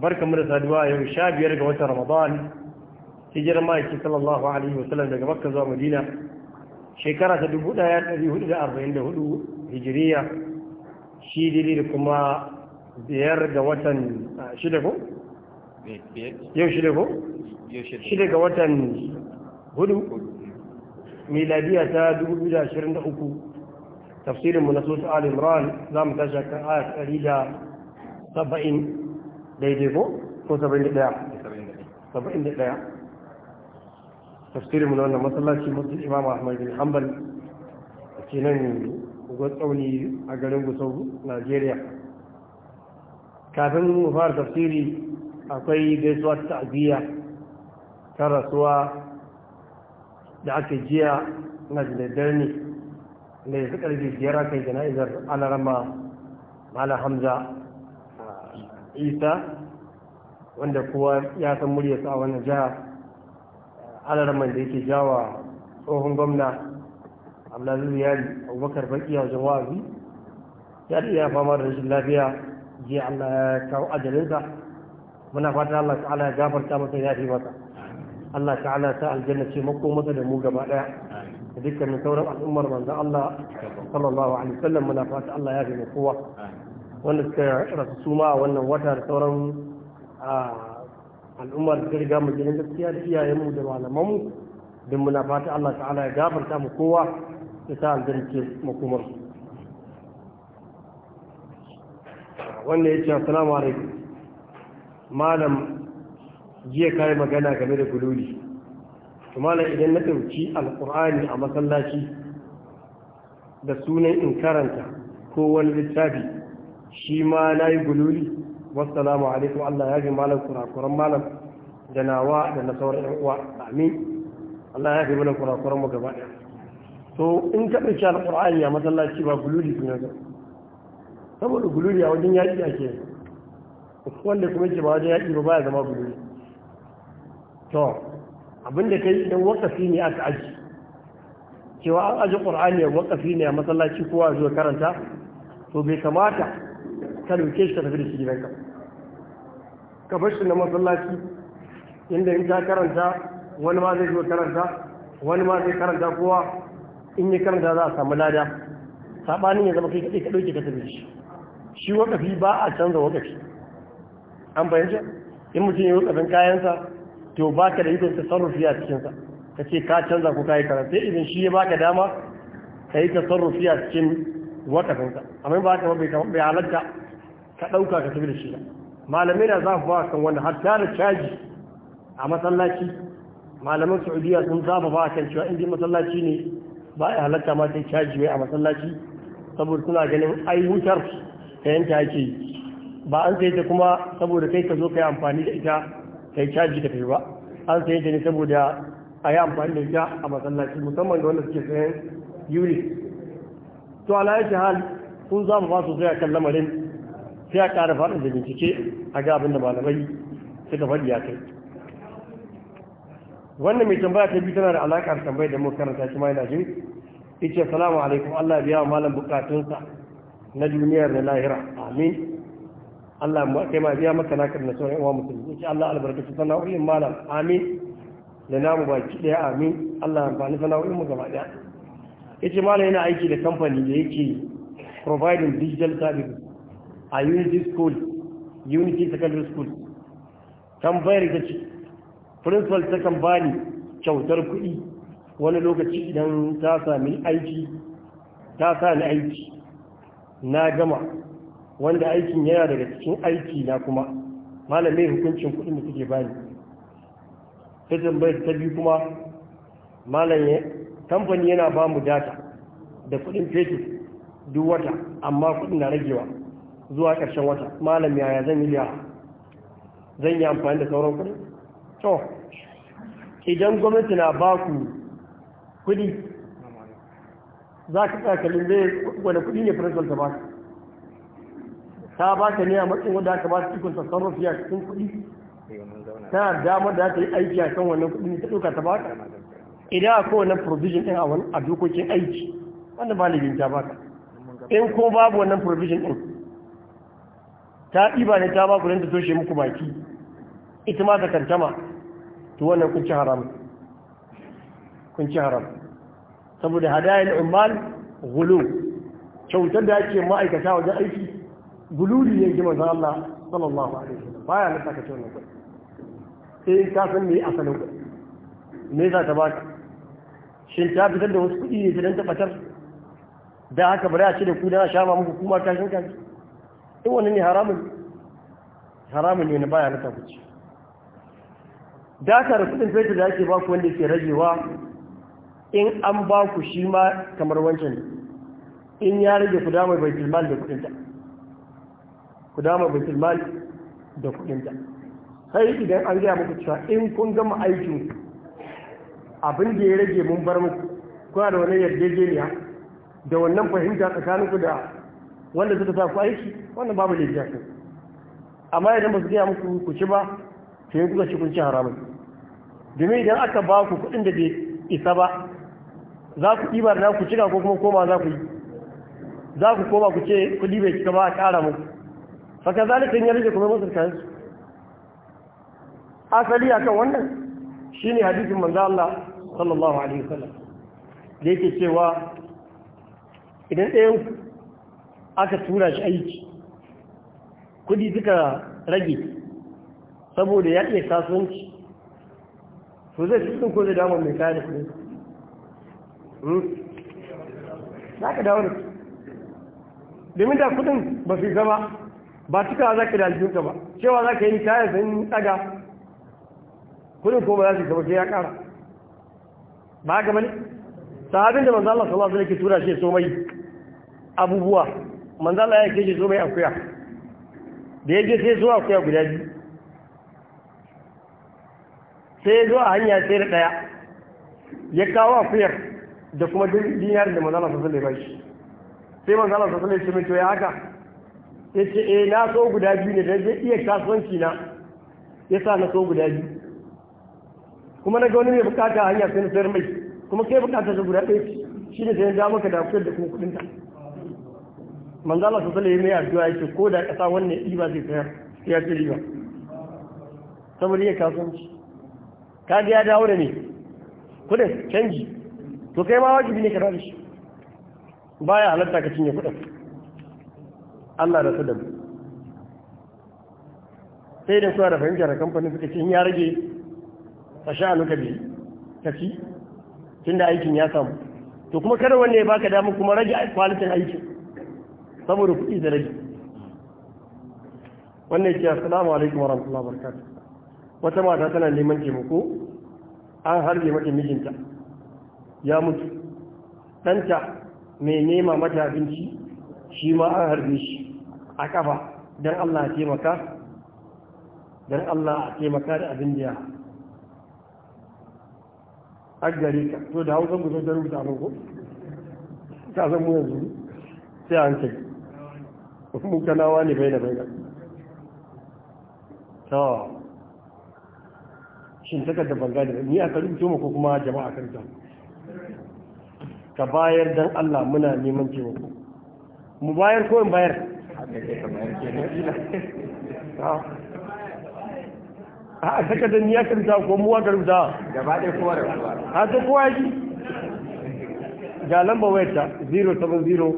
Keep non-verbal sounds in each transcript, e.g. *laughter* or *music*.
barka da saduwa yau sha biyar ga watan ramadan hijirar ma'aiki sallallahu alaihi wasallam daga makka zuwa madina shekara ta dubu daya ɗari hudu da arba'in da hudu hijiriya shi dili da kuma biyar ga watan shida ko? yau shida ko? shida ga watan hudu miladiya ta dubu biyu da ashirin da uku tafsirinmu na sosu al za mu tashi kan ayat ɗari da saba'in daidai ko ko saba'in da ɗaya saba'in da ɗaya tafsirin na wannan masallaci mutum imam ahmad bin hanbal ke nan tsauni a garin gusau najeriya kafin mu fara tafsiri akwai gaisuwa ta ta'aziyya ta rasuwa da aka jiya na jidadar ne da ya fi ƙarfi ziyara kai jana'izar alarama mala hamza isa wanda kowa ya san muryarsa a wannan jiha alarman da yake jawa tsohon gwamna abdulaziz yari abubakar baki a wajen wa'azi ya iya fama da rashin lafiya jiya allah ya kawo ajalinsa muna fatan allah ta'ala ya gafarta masa ya fi masa allah ta'ala ta aljanna ce mako masa da mu gaba daya da dukkanin sauran al'ummar manzon allah sallallahu alaihi wasallam muna fatan allah ya fi mu kowa wanda suka rasu suma a wannan wata da sauran al'ummar da riga mu gidan gaskiya da iyayenmu da malamanmu don muna fata Allah ta'ala ya gafarta mu kowa ya sa aljanna makomar su wanda ya ce assalamu alaikum malam jiya kayi magana game da gudoli malam idan na ɗauki alƙur'ani a masallaci da sunan in karanta ko wani littafi shi ma na yi gululi wassalamu alaikum Allah ya fi malam kurakuran malam da nawa da na sauran yan uwa amin Allah ya fi mana kurakuran mu gaba ɗaya to in ka ɗauki ya a masallaci ba gululi sun yanzu saboda gululi a wajen yaƙi ake wanda kuma ke ba wajen yaƙi ba ya zama gululi to abinda kai idan wakafi ne aka aji cewa an aji ƙur'ani a wakafi ne a masallaci kowa zuwa karanta to bai kamata ka dauke shi ta tafi da shi gidanka ka bar shi na masallaci inda in ta karanta wani ma zai zo karanta wani ma zai karanta kowa in ya karanta za a samu lada sabanin ya zama kai kaɗai ka ɗauke ka tafi da shi shi wakafi ba a canza wakafi an fahimta in mutum ya yi wakafin kayansa to ba ka da ikon tasarrufi a cikinsa ka ce ka canza ko ka yi karanta sai idan shi ya baka dama ka yi tasarrufi a cikin wakafinsa amma ba ka bai halatta ka ɗauka ka tafi da shi malamai na za ku ba kan wannan ta da caji a masallaci malaman saudiya sun za ba kan cewa inda masallaci ne ba a halatta ma sai caji a masallaci saboda suna ganin ai wutar ta yanta ake yi ba an sai ta kuma saboda kai ka zo ka yi amfani da ita ka caji ka tafi ba an sai ta ne saboda a yi amfani da ita a masallaci musamman ga wanda suke sayan yuri to ala yake hal kun za mu ba su zai kan lamarin sai a ƙara faɗin da bincike a ga abin da malamai suka faɗi ya kai wannan mai tambaya ta biyu tana da alaƙar tambayar da muka karanta shi ma yana jin ita salamu alaikum Allah biya wa malam bukatunsa na duniyar da lahira amin Allah kai ma biya maka naka na sauran uwa musulmi ita Allah albarkaci sana'o'in malam amin da namu baki ɗaya amin Allah amfani sana'o'in mu gaba ɗaya ita malam yana aiki da kamfani da yake providing digital services a unity school unity secondary school tambayar ta ce principal ta kan bani kyautar kuɗi wani lokaci idan ta sami aiki ta sami aiki na gama wanda aikin yana daga cikin aiki na kuma malamai hukuncin kuɗin da suke bani ta tambayar ta biyu kuma malamai, kamfani yana ba mu data da kuɗin fetur duk wata amma kuɗin na ragewa zuwa ƙarshen wata malam yaya zan yi liya zan yi amfani da sauran kuɗi to idan gwamnati na ba ku kuɗi za ka tsakalin zai wani kuɗi ne principal ta ba ka ta ba ka ne a matsayin wanda aka ba su cikin tasarrufi a cikin kuɗi tana damar da ta yi aiki a kan wannan kuɗi ta ɗauka ta ba ka idan a kowane provision ɗin a dokokin aiki wanda ba libin ta ba ka in ko babu wannan provision ɗin ta ɗiba ne ta ba ku don ta toshe muku baki ita ma ta kantama to wannan kunci ci haram kun ci haram saboda hadayar ummal gulu kyautar da ake ma'aikata wajen aiki gululi ne ji manzan Allah sallallahu alaihi wasallam baya na saka cewa kuɗi sai ka san me asalin kuɗi me za ta baka shin ta fitar da wasu kuɗi ne ta don tabbatar da haka bari a ce da ku dana sha ma muku kuma kashin kashi in wani ne haramun haramun ne na baya na takuci dakar kudin fetur da ake baku wanda ke ragewa in an baku shi ma kamar wancan in ya rage ku damar bai da kudinta ku damar bai da kudinta sai idan an gaya muku cewa in kun gama aikin abin da ya rage mun bar muku kuna da wani yarjejeniya da wannan fahimta tsakaninku da wanda suka sa ku aiki wannan babu laifi kai amma idan ba su gaya muku ku ci ba to yi ga ci kun ci haramun domin idan aka ba ku kuɗin da bai isa ba za ku ɗiba da ku cika ko kuma koma za ku yi za ku koma ku ce kuɗi bai cika ba a ƙara muku faka zalika ya rage kuma masu kayan su asali akan wannan shine hadisin manzo Allah sallallahu alaihi wasallam da yake cewa idan ɗayan aka tura shi aiki kudi suka rage saboda ya iya kasuwanci to zai cikin ko zai damar mai kayan kudi hmm? za ka dawo da su domin da kudin ba su gaba ba cika za ka da aljinka ba cewa za ka yi kayan sun daga kudin ko ba za su gaba sai ya kara ba ga mani sahabin da Manzala sallallahu alaihi wasallam tura shi so mai abubuwa Manzala ya ke shi so mai akuya da ya je sai zuwa kuya guda biyu sai zuwa hanya tsere da ɗaya ya kawo akuyar da kuma dinar da manzala sassan da bashi sai manzala sassan da shimin ya haka ya ce eh na so guda biyu ne da zai iya kasuwanci na ya sa na so guda biyu kuma na ga wani mai bukata hanya sai na sayar mai kuma kai bukata ta guda ɗaya shi ne sai ya ja maka da akuyar da kuma kuɗinta manzo Allah sallallahu alaihi wasallam ya addu'a yake ko da kasa wannan iba zai tsaya ya ce riba saboda ya kasuwanci ka ga ya dawo da ne kudin canji to kai ma wajibi ne ka rada shi baya halatta ka cinye kudin Allah da sadan sai da suna da fahimtar kamfanin suka ce ya rage a sha'anuka bi ka ci tunda aikin ya samu to kuma kada wanne ya baka damu kuma rage kwalitin aikin saboda kuɗi da rage wannan ke assalamu alaikum wa rahmatullahi wa barakatuh wata mata tana neman taimako an harbe mata mijinta ya mutu ɗanta mai nema mata abinci shi ma an harbe shi a ƙafa don Allah a taimaka don Allah a taimaka da abin da ya aggare ka to da hausa mu zo da rubuta abin ko ta san mu yanzu sai an kai *laughs* mutanawa ne bai da bai da ta shin takardar banga da ni a karin mu ko kuma jama'a karta ka bayar dan Allah muna neman taimako mu bayar ko in bayar a takardar ni ya karta ko mu wa karta gaba ɗaya kowa da kowa ha ta kowa ji ga lambar wayarta 070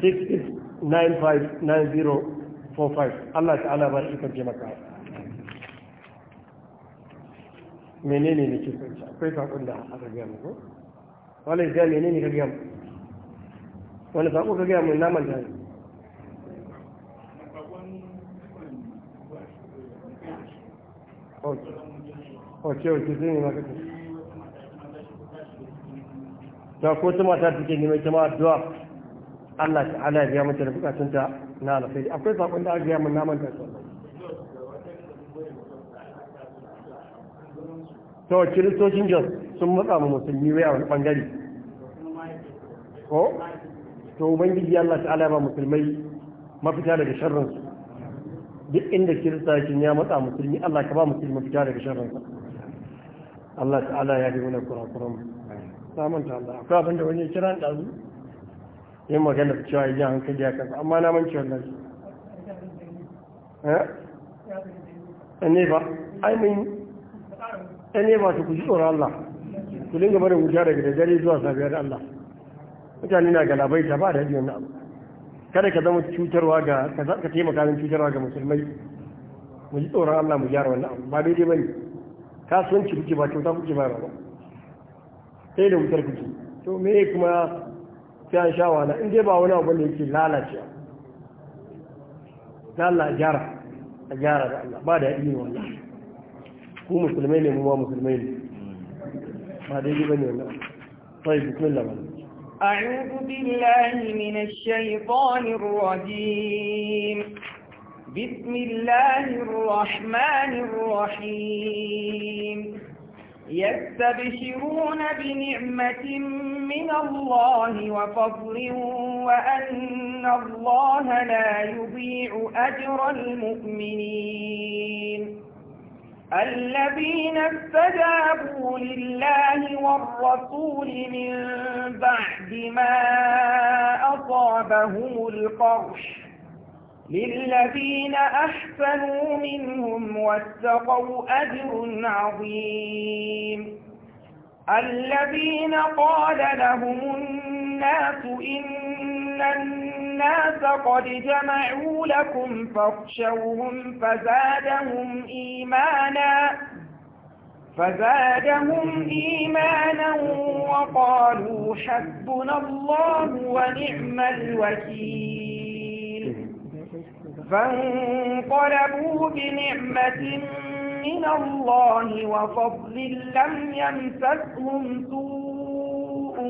66 959045 Allah ta'ala ba shi karfe maka menene ne ke kwanci akwai sakon da aka gaya mu ko wani ga menene ka gaya mu wani sako ka gaya mu na manta ne ok ok zai ne maka ta ko ta mata take neman ta ma addu'a Allah ta'ala ya mace da bukatun ta na alkhairi akwai sakon da aka mun naman ta to kiristocin jos sun matsa mu musulmi waya wani bangare ko to ubangiji Allah ta'ala ba musulmai mafita daga sharrin su duk inda kirista yakin ya matsa musulmi Allah ka ba musulmi mafita daga sharrin sa Allah ta'ala ya yi mana kurakuran mu samun ta Allah akwai abinda wani kiran ɗazu yin magana da cewa yi hankali a kasa amma na manci wannan su eh? ne ba aimin ne ba su kuji tsoron Allah ku dinga barin wuta daga da dare zuwa safiyar Allah mutane na galabai ta ba da hajji wani abu kada ka zama cutarwa ga ka taimaka min cutarwa ga musulmai mu ji tsoron Allah mu gyara wannan abu ba daidai bane kasuwanci kuke ba kyauta kuke ba ba sai da wutar kuke to me kuma sai an sha wahala in dai ba wani abu ne yake lalace Allah a gyara a gyara da Allah ba da yaɗi ne wannan ku musulmai ne mu ma musulmai ne ba daidai ba ne wannan sai bismillah wannan أعوذ بالله من الشيطان الرجيم بسم الله الرحمن الرحيم يستبشرون بنعمة من الله وفضل وأن الله لا يضيع أجر المؤمنين الذين استجابوا لله والرسول من بعد ما أصابهم القرش للذين أحسنوا منهم واتقوا أجر عظيم الذين قال لهم الناس إن الناس قد جمعوا لكم فاخشوهم فزادهم إيمانا فزادهم إيمانا وقالوا حسبنا الله ونعم الوكيل فانقلبوا بنعمة من الله وفضل لم يمسسهم سوء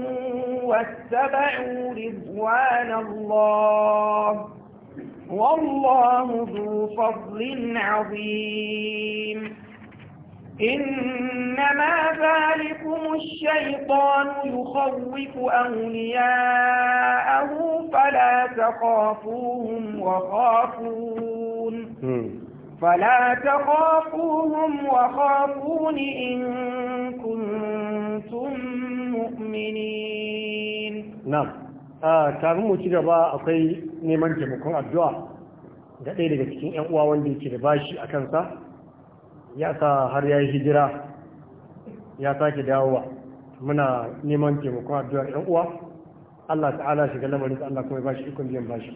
واتبعوا رضوان الله والله ذو فضل عظيم إنما ذلكم الشيطان يخوف أولياءه فلا تخافوهم وخافون فلا تخافوهم وخافون إن كنتم مؤمنين نعم آه، كان موشي دبا أقي نيمان جمكم الدعاء دقيقة إيه كتين أقوى وندي كتباشي أكنسا ya sa har ya yi hijira ya sake dawowa muna neman taimakon addu'ar yan uwa Allah ta'ala shiga lamarin Allah kuma ya bashi ikon biyan bashi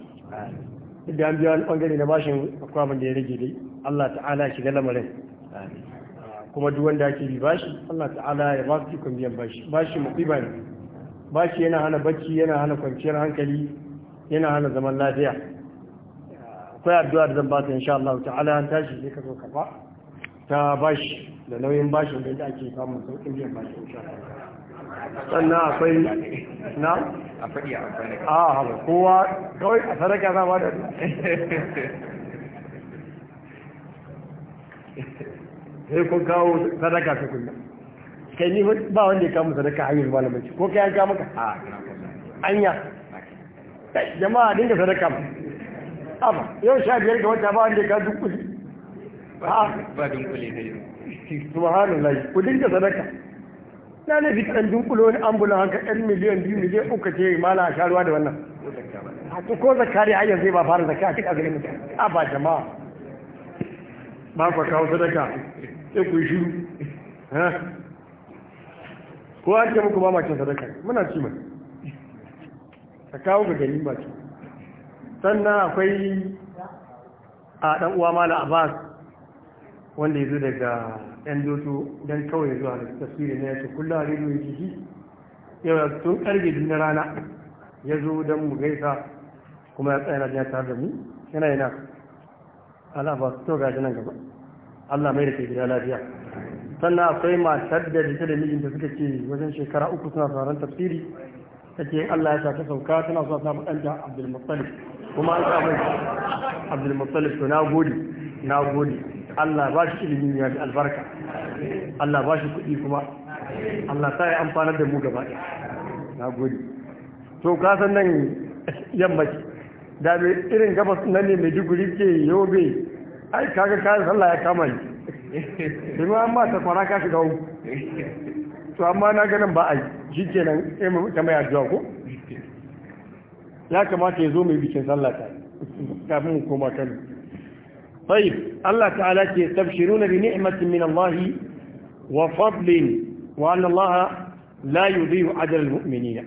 duk da an biya wani bangare na bashin akwai abin da ya rage dai Allah ta'ala shiga lamarin kuma duk wanda ake bi bashi Allah ta'ala ya ba su ikon biyan bashi bashi musiba ne bashi yana hana bacci yana hana kwanciyar hankali yana hana zaman lafiya akwai addu'a da zan ba ta insha Allah ta'ala an tashi sai ka zo ka ba ta bashi da nauyin bashin da ake samun sauƙin biyan bashin sannan akwai na a faɗi a amfani a kowa kawai a sadaka na ba da sai kun kawo sadaka ta kunna kai ni ba wanda ya kama sadaka hanyar malamanci ko kai an kama ka a anya jama'a dinga sadaka ma? ba yau sha biyar ga wata ba wanda ya kawo duk kuɗi ba dunkule da yanzu subhanallah ku dinga sadaka na ne fi kaɗan dunkulo ne ambulan haka ɗan miliyan biyu miliyan uku ce mala a sharuwa da wannan to ko zakari har zai ba fara zakari a cikin azumin mutane a ba jama'a ba ku kawo sadaka sai ku shiru ko an ce muku ba ma cin sadaka muna ci mai ka kawo ga gani ba ci sannan akwai a ɗan uwa mala abbas wanda ya zo daga yan doto don kawai zuwa da tasiri na yace kullum a rediyo jiki yau tun karfe biyu na rana ya zo don mu gaisa kuma ya tsaya na jiya tare da mu yana yana Allah ba su toga nan gaba Allah mai da ke gida lafiya sannan akwai matar da jita da mijinta suka ce wajen shekara uku suna sauran tafsiri ce Allah ya sa ta sauka tana sa ta ɗanta Abdul kuma an samu mai to na gode na gode Allah ba shi ilimi ya fi albarka Allah ba shi kuɗi kuma Allah ta yi amfanar da mu gaba ɗaya na gode to ka san nan yammaci da mai irin gabas nan ne mai duguri ke bai ai kaga kayan sallah ya kama ni sai ma an ba ta kwana ka shiga uku to amma na ganin ba a shi kenan sai ta mai addu'a ko ya kamata ya zo mai bikin sallah ta kafin mu koma kano طيب الله تعالى يستبشرون بنعمة من الله وفضل وأن الله لا يضيع أجر المؤمنين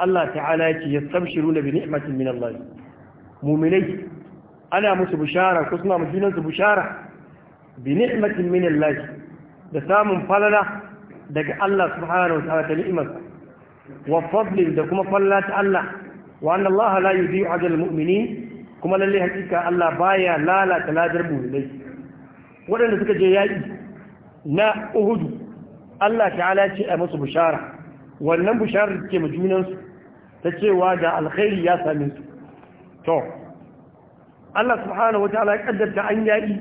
الله تعالى يستبشرون بنعمة من الله مؤمني أنا مس بشارة كسنا مجنون بشارة بنعمة من الله دسام فلنا دك الله سبحانه وتعالى نعمة وفضل دكما فلات الله وأن الله لا يضيع أجر المؤمنين kuma lalle hakika Allah baya lalata ladar muminai waɗanda suka je yaƙi na uhudu Allah ta'ala ce a musu bishara wannan bisharar ke su ta cewa da alkhairi ya same su to Allah subhanahu wataala ya an yaƙi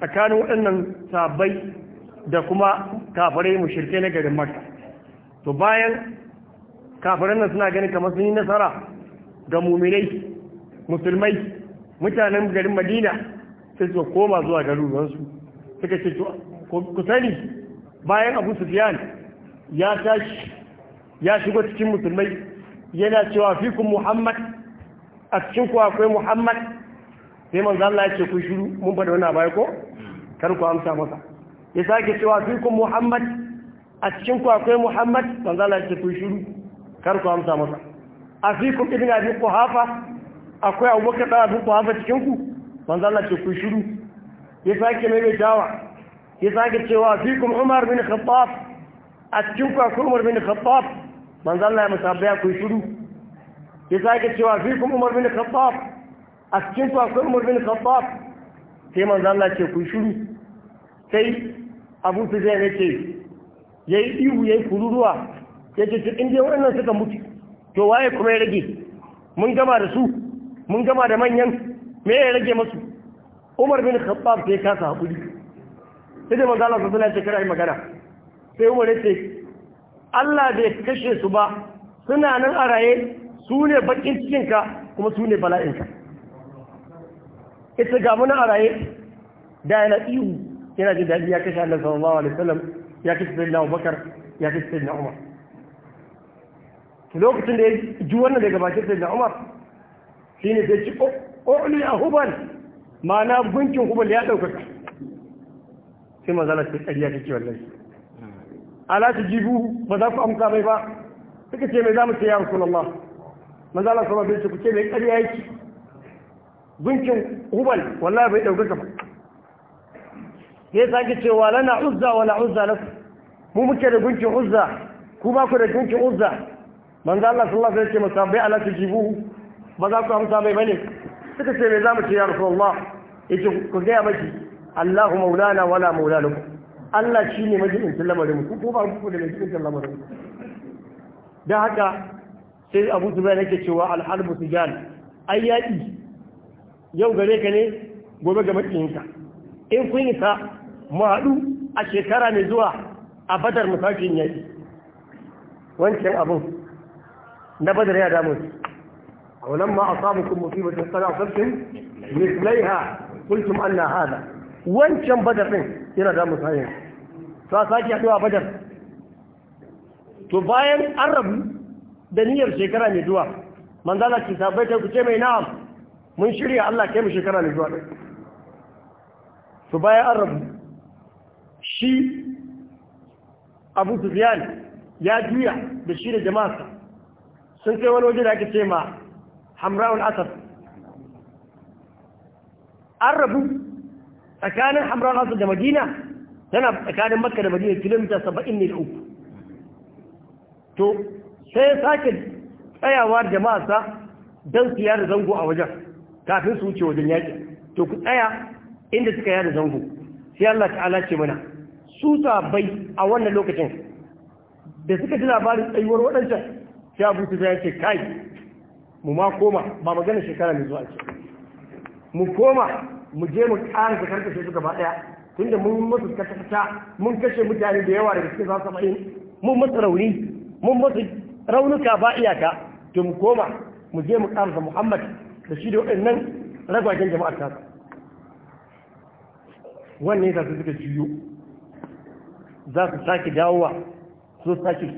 tsakanin waɗannan sabai da kuma kafirai mushrike na garin Makka to bayan kafiran nan suna ganin kamar sun yi nasara ga muminai musulmai mutanen garin madina sai su koma zuwa garuruwansu suka ce ku sani bayan abu sufiyan ya tashi ya shigo cikin musulmai yana cewa fikun muhammad a cikin ku akwai muhammad sai manzo Allah ya ce ku shiru mun fada wani bai ko kar ku amsa masa ya sake cewa fikun muhammad a cikin ku akwai muhammad manzo Allah ya ce ku shiru kar ku amsa masa afikum ibn abi quhafa akwai abubakar da abin sahaba cikin ku manzo Allah ce ku shiru ya sake mai dawa ya sake cewa fikum Umar bin Khattab a cikin ku akwai Umar bin Khattab manzo Allah ya musabaya ku shiru ya sake cewa fikum Umar bin Khattab a cikin ku akwai Umar bin Khattab sai manzo Allah ce ku shiru sai Abu Sufyan ya ce yayi ihu yayi kururuwa yace in dai wannan suka mutu to waye kuma ya rage mun gama da su mun gama da manyan me ya rage masu umar bin khattab sai kasa hakuri sai da manzo Allah sallallahu alaihi wasallam ya magana sai umar ya ce Allah bai kashe su ba suna nan a raye su ne bakin cikinka kuma su ne bala'inka ita ga mun a raye da yana ihu yana jin daɗi ya kashe Allah sallallahu alaihi wasallam ya kashe sayyidina Abubakar ya kashe sayyidina Umar lokacin da ya ji wannan daga bakin sayyidina Umar shi ne sai ci ƙoƙoli a hubal ma'ana gunkin hubal ya ɗaukaka sai mazala sai ya kake wallahi ala ta jibu ba za ku amsa mai ba suka ce mai za mu ce ya rasulallah mazala sama bai ce ku ce mai ƙarya yake gunkin hubal wallahi bai ɗaukaka ba sai sake cewa lana uzza wala uzza lakum mu muke da gunkin uzza ku ba ku da gunkin uzza manzo Allah sallallahu alaihi wasallam ya ce musabbai ala tujibuhu ba za ku amsa mai bane suka ce me za mu ce ya ya ce ku gaya maki Allahu maulana wala maulana ku Allah shine majibincin lamarin ku ko ba ku da majibincin lamarin Da haka sai Abu Zubair nake cewa al su sijan ai yaƙi yau gare ka ne gobe ga matsayinka. in kun yi ta mu haɗu a shekara mai zuwa a badar musakin yaƙi wancan abun na badar ya damu ولما أصابكم مصيبة قد أصبتم مثليها قلتم أن هذا wancan badar ɗin yana damun sayan ta sake haɗuwa badar to bayan an rabu da niyyar shekara mai zuwa manzala ce sabai ta kuce mai na'am mun shirya Allah kai mu shekara mai zuwa to bayan an rabu shi abu sufiyan ya juya da shi da jama'arsa sun kai wani waje da ake ce ma hamra'ul asad an rabu tsakanin hamra'ul asad da madina tana tsakanin makka da madina kilomita saba'in ne da uku to sai ya sake tsayawa da masa don su yada zango a wajen kafin su wuce wajen yaƙi to ku tsaya inda suka yada zango sai Allah ta'ala ce mana su bai a wannan lokacin da suka ji labarin tsayuwar waɗancan sai abu su zai ce kai mu ma koma ba magana shekara mai zuwa ce mu koma mu je mu ƙara da karkashe su gaba ɗaya tunda mun musu kata mun kashe mutane da yawa daga cikin zasu saba'in mun musu rauni mun musu raunuka ba iyaka to mu koma mu je mu ƙarasa muhammad da shi da waɗannan ragwajen jama'ar ta wannan yasa su suka juyo za su sake dawowa su sake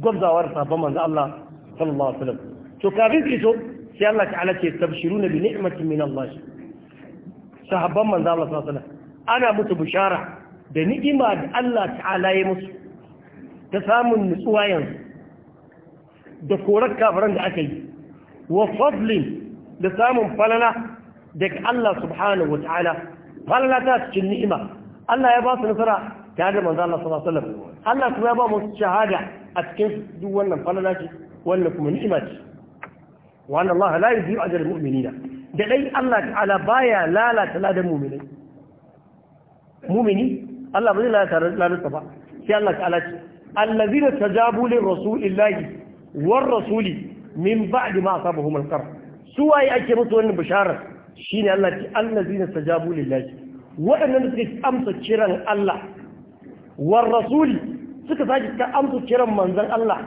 gwabzawar sabon manzo Allah sallallahu alaihi wasallam to kafin fito sai Allah ta'ala ce tabshiruna bi ni'matin min Allah sahabban manzo Allah sallallahu alaihi wasallam ana musu bishara da ni'ima da Allah ta'ala ya musu ta samun nutsuwa yanzu da korar kafiran da aka yi wa fadlin da samun falala daga Allah subhanahu wa ta'ala falala ta cikin ni'ima Allah ya ba su nasara ta da manzo Allah sallallahu alaihi wasallam Allah kuma ya ba mu shahada a cikin duk wannan falala ce wannan kuma ni'ima ce wa anna Allah la yudhi'u ajra al-mu'minina da dai Allah ta'ala baya lalata ladan mu'minai mu'mini Allah ba zai lalata ladan ba sai Allah ta'ala ce allazina tajabu lir rasulillahi war rasuli min ba'di ma asabahum al-qarh suwaye ake musu wannan bisharar shine Allah ce allazina tajabu lillahi waɗannan suka amsa kiran Allah war rasuli suka sake ka amsa kiran manzon Allah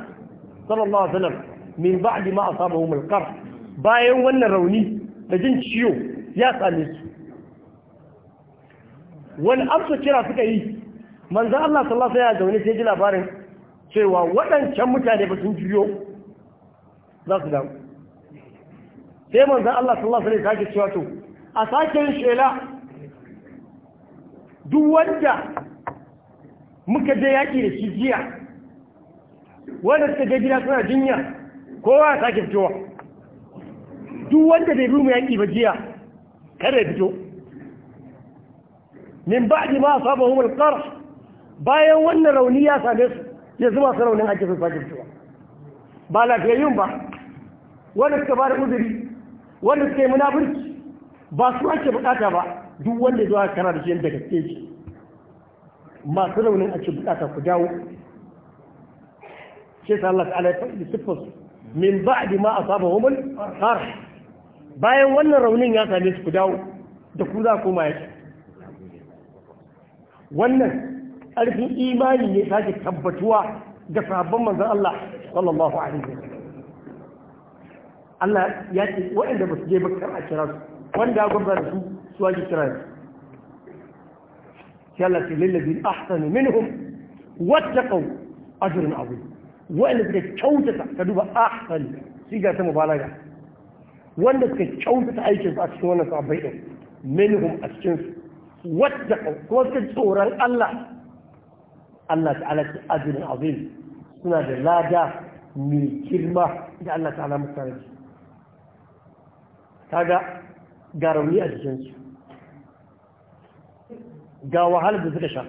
sallallahu alaihi min ba'di a asabahum al kar bayan wannan rauni da jin ciwo ya same su wani amsa kira suka yi manzo Allah sallallahu ya zaune sai ji labarin cewa waɗancan mutane ba sun juyo za su dawo sai manzo Allah sallallahu ne wasallam sake cewa to a sake yin shela duk wanda muka je yaki da shi jiya wanda suka je gida suna jinya kowa ya sake fitowa duk wanda bai bi mu yaƙi ba jiya kada ya fito min ba'di ma asabahum al-qarh bayan wannan rauni ya same su ya zuba su raunin ake sun sake fitowa ba lafiyayyun ba wanda suka da uzuri wanda suka yi munafurci ba su ake bukata ba duk wanda ya zo aka da shi yadda gaske shi masu raunin ake bukata ku dawo shi sa Allah ta'ala ya faɗi siffar su min ba ba'di ma asabahum al-qar bayan wannan raunin ya same su ku dawo da ku za koma mai wannan ƙarfin imani ne sake tabbatuwa ga sabon manzon Allah sallallahu alaihi wasallam Allah ya ce waɗanda ba su je ba kar a kira su wanda ya gwamza da su su ake kira su sai Allah ce lillazin ahsanu minhum wattaqu ajrun azim wanda suka kyautata ka duba ahsan ga ta mubalaga wanda suka kyautata aikin su a cikin wannan sabai din minhum a cikin su wadda kuma suka tsoron Allah Allah ta'ala ta azumin azim suna da lada mai girma da Allah ta'ala mutane su kaga ga rauni a su ga wahalar da suka sha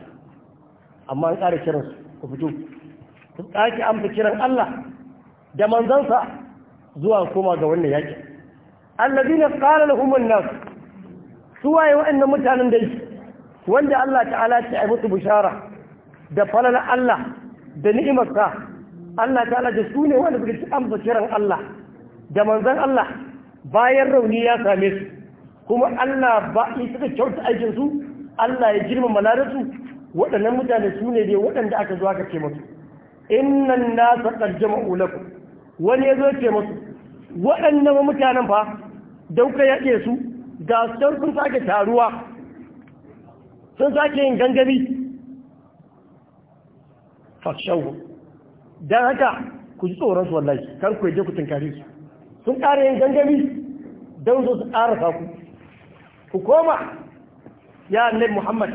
amma an ƙara kiransu ku fito su tsaki an fi kiran Allah da manzansa zuwa koma ga wannan yaƙi allazina qala lahum an-nas suwaye waɗannan mutanen da wanda Allah ta'ala ta yi musu bishara da falalar Allah da ni'imarsa Allah ta'ala da su ne wanda suka ci amsa kiran Allah da manzan Allah bayan rauni ya same su kuma Allah ba yi suka kyauta aikinsu Allah ya girma malararsu waɗannan mutane su ne dai waɗanda aka zo aka ce musu innan na qad jama'u lakum wani ya ce masu waɗannan mutanen fa dauka yake su ga sun sun sake taruwa sun sake yin gangami fashawu don haka ku ji tsoron su wallahi kan ku je ku tunkare su sun ƙara yin gangami don zo su ƙara ku ku koma ya annabi muhammad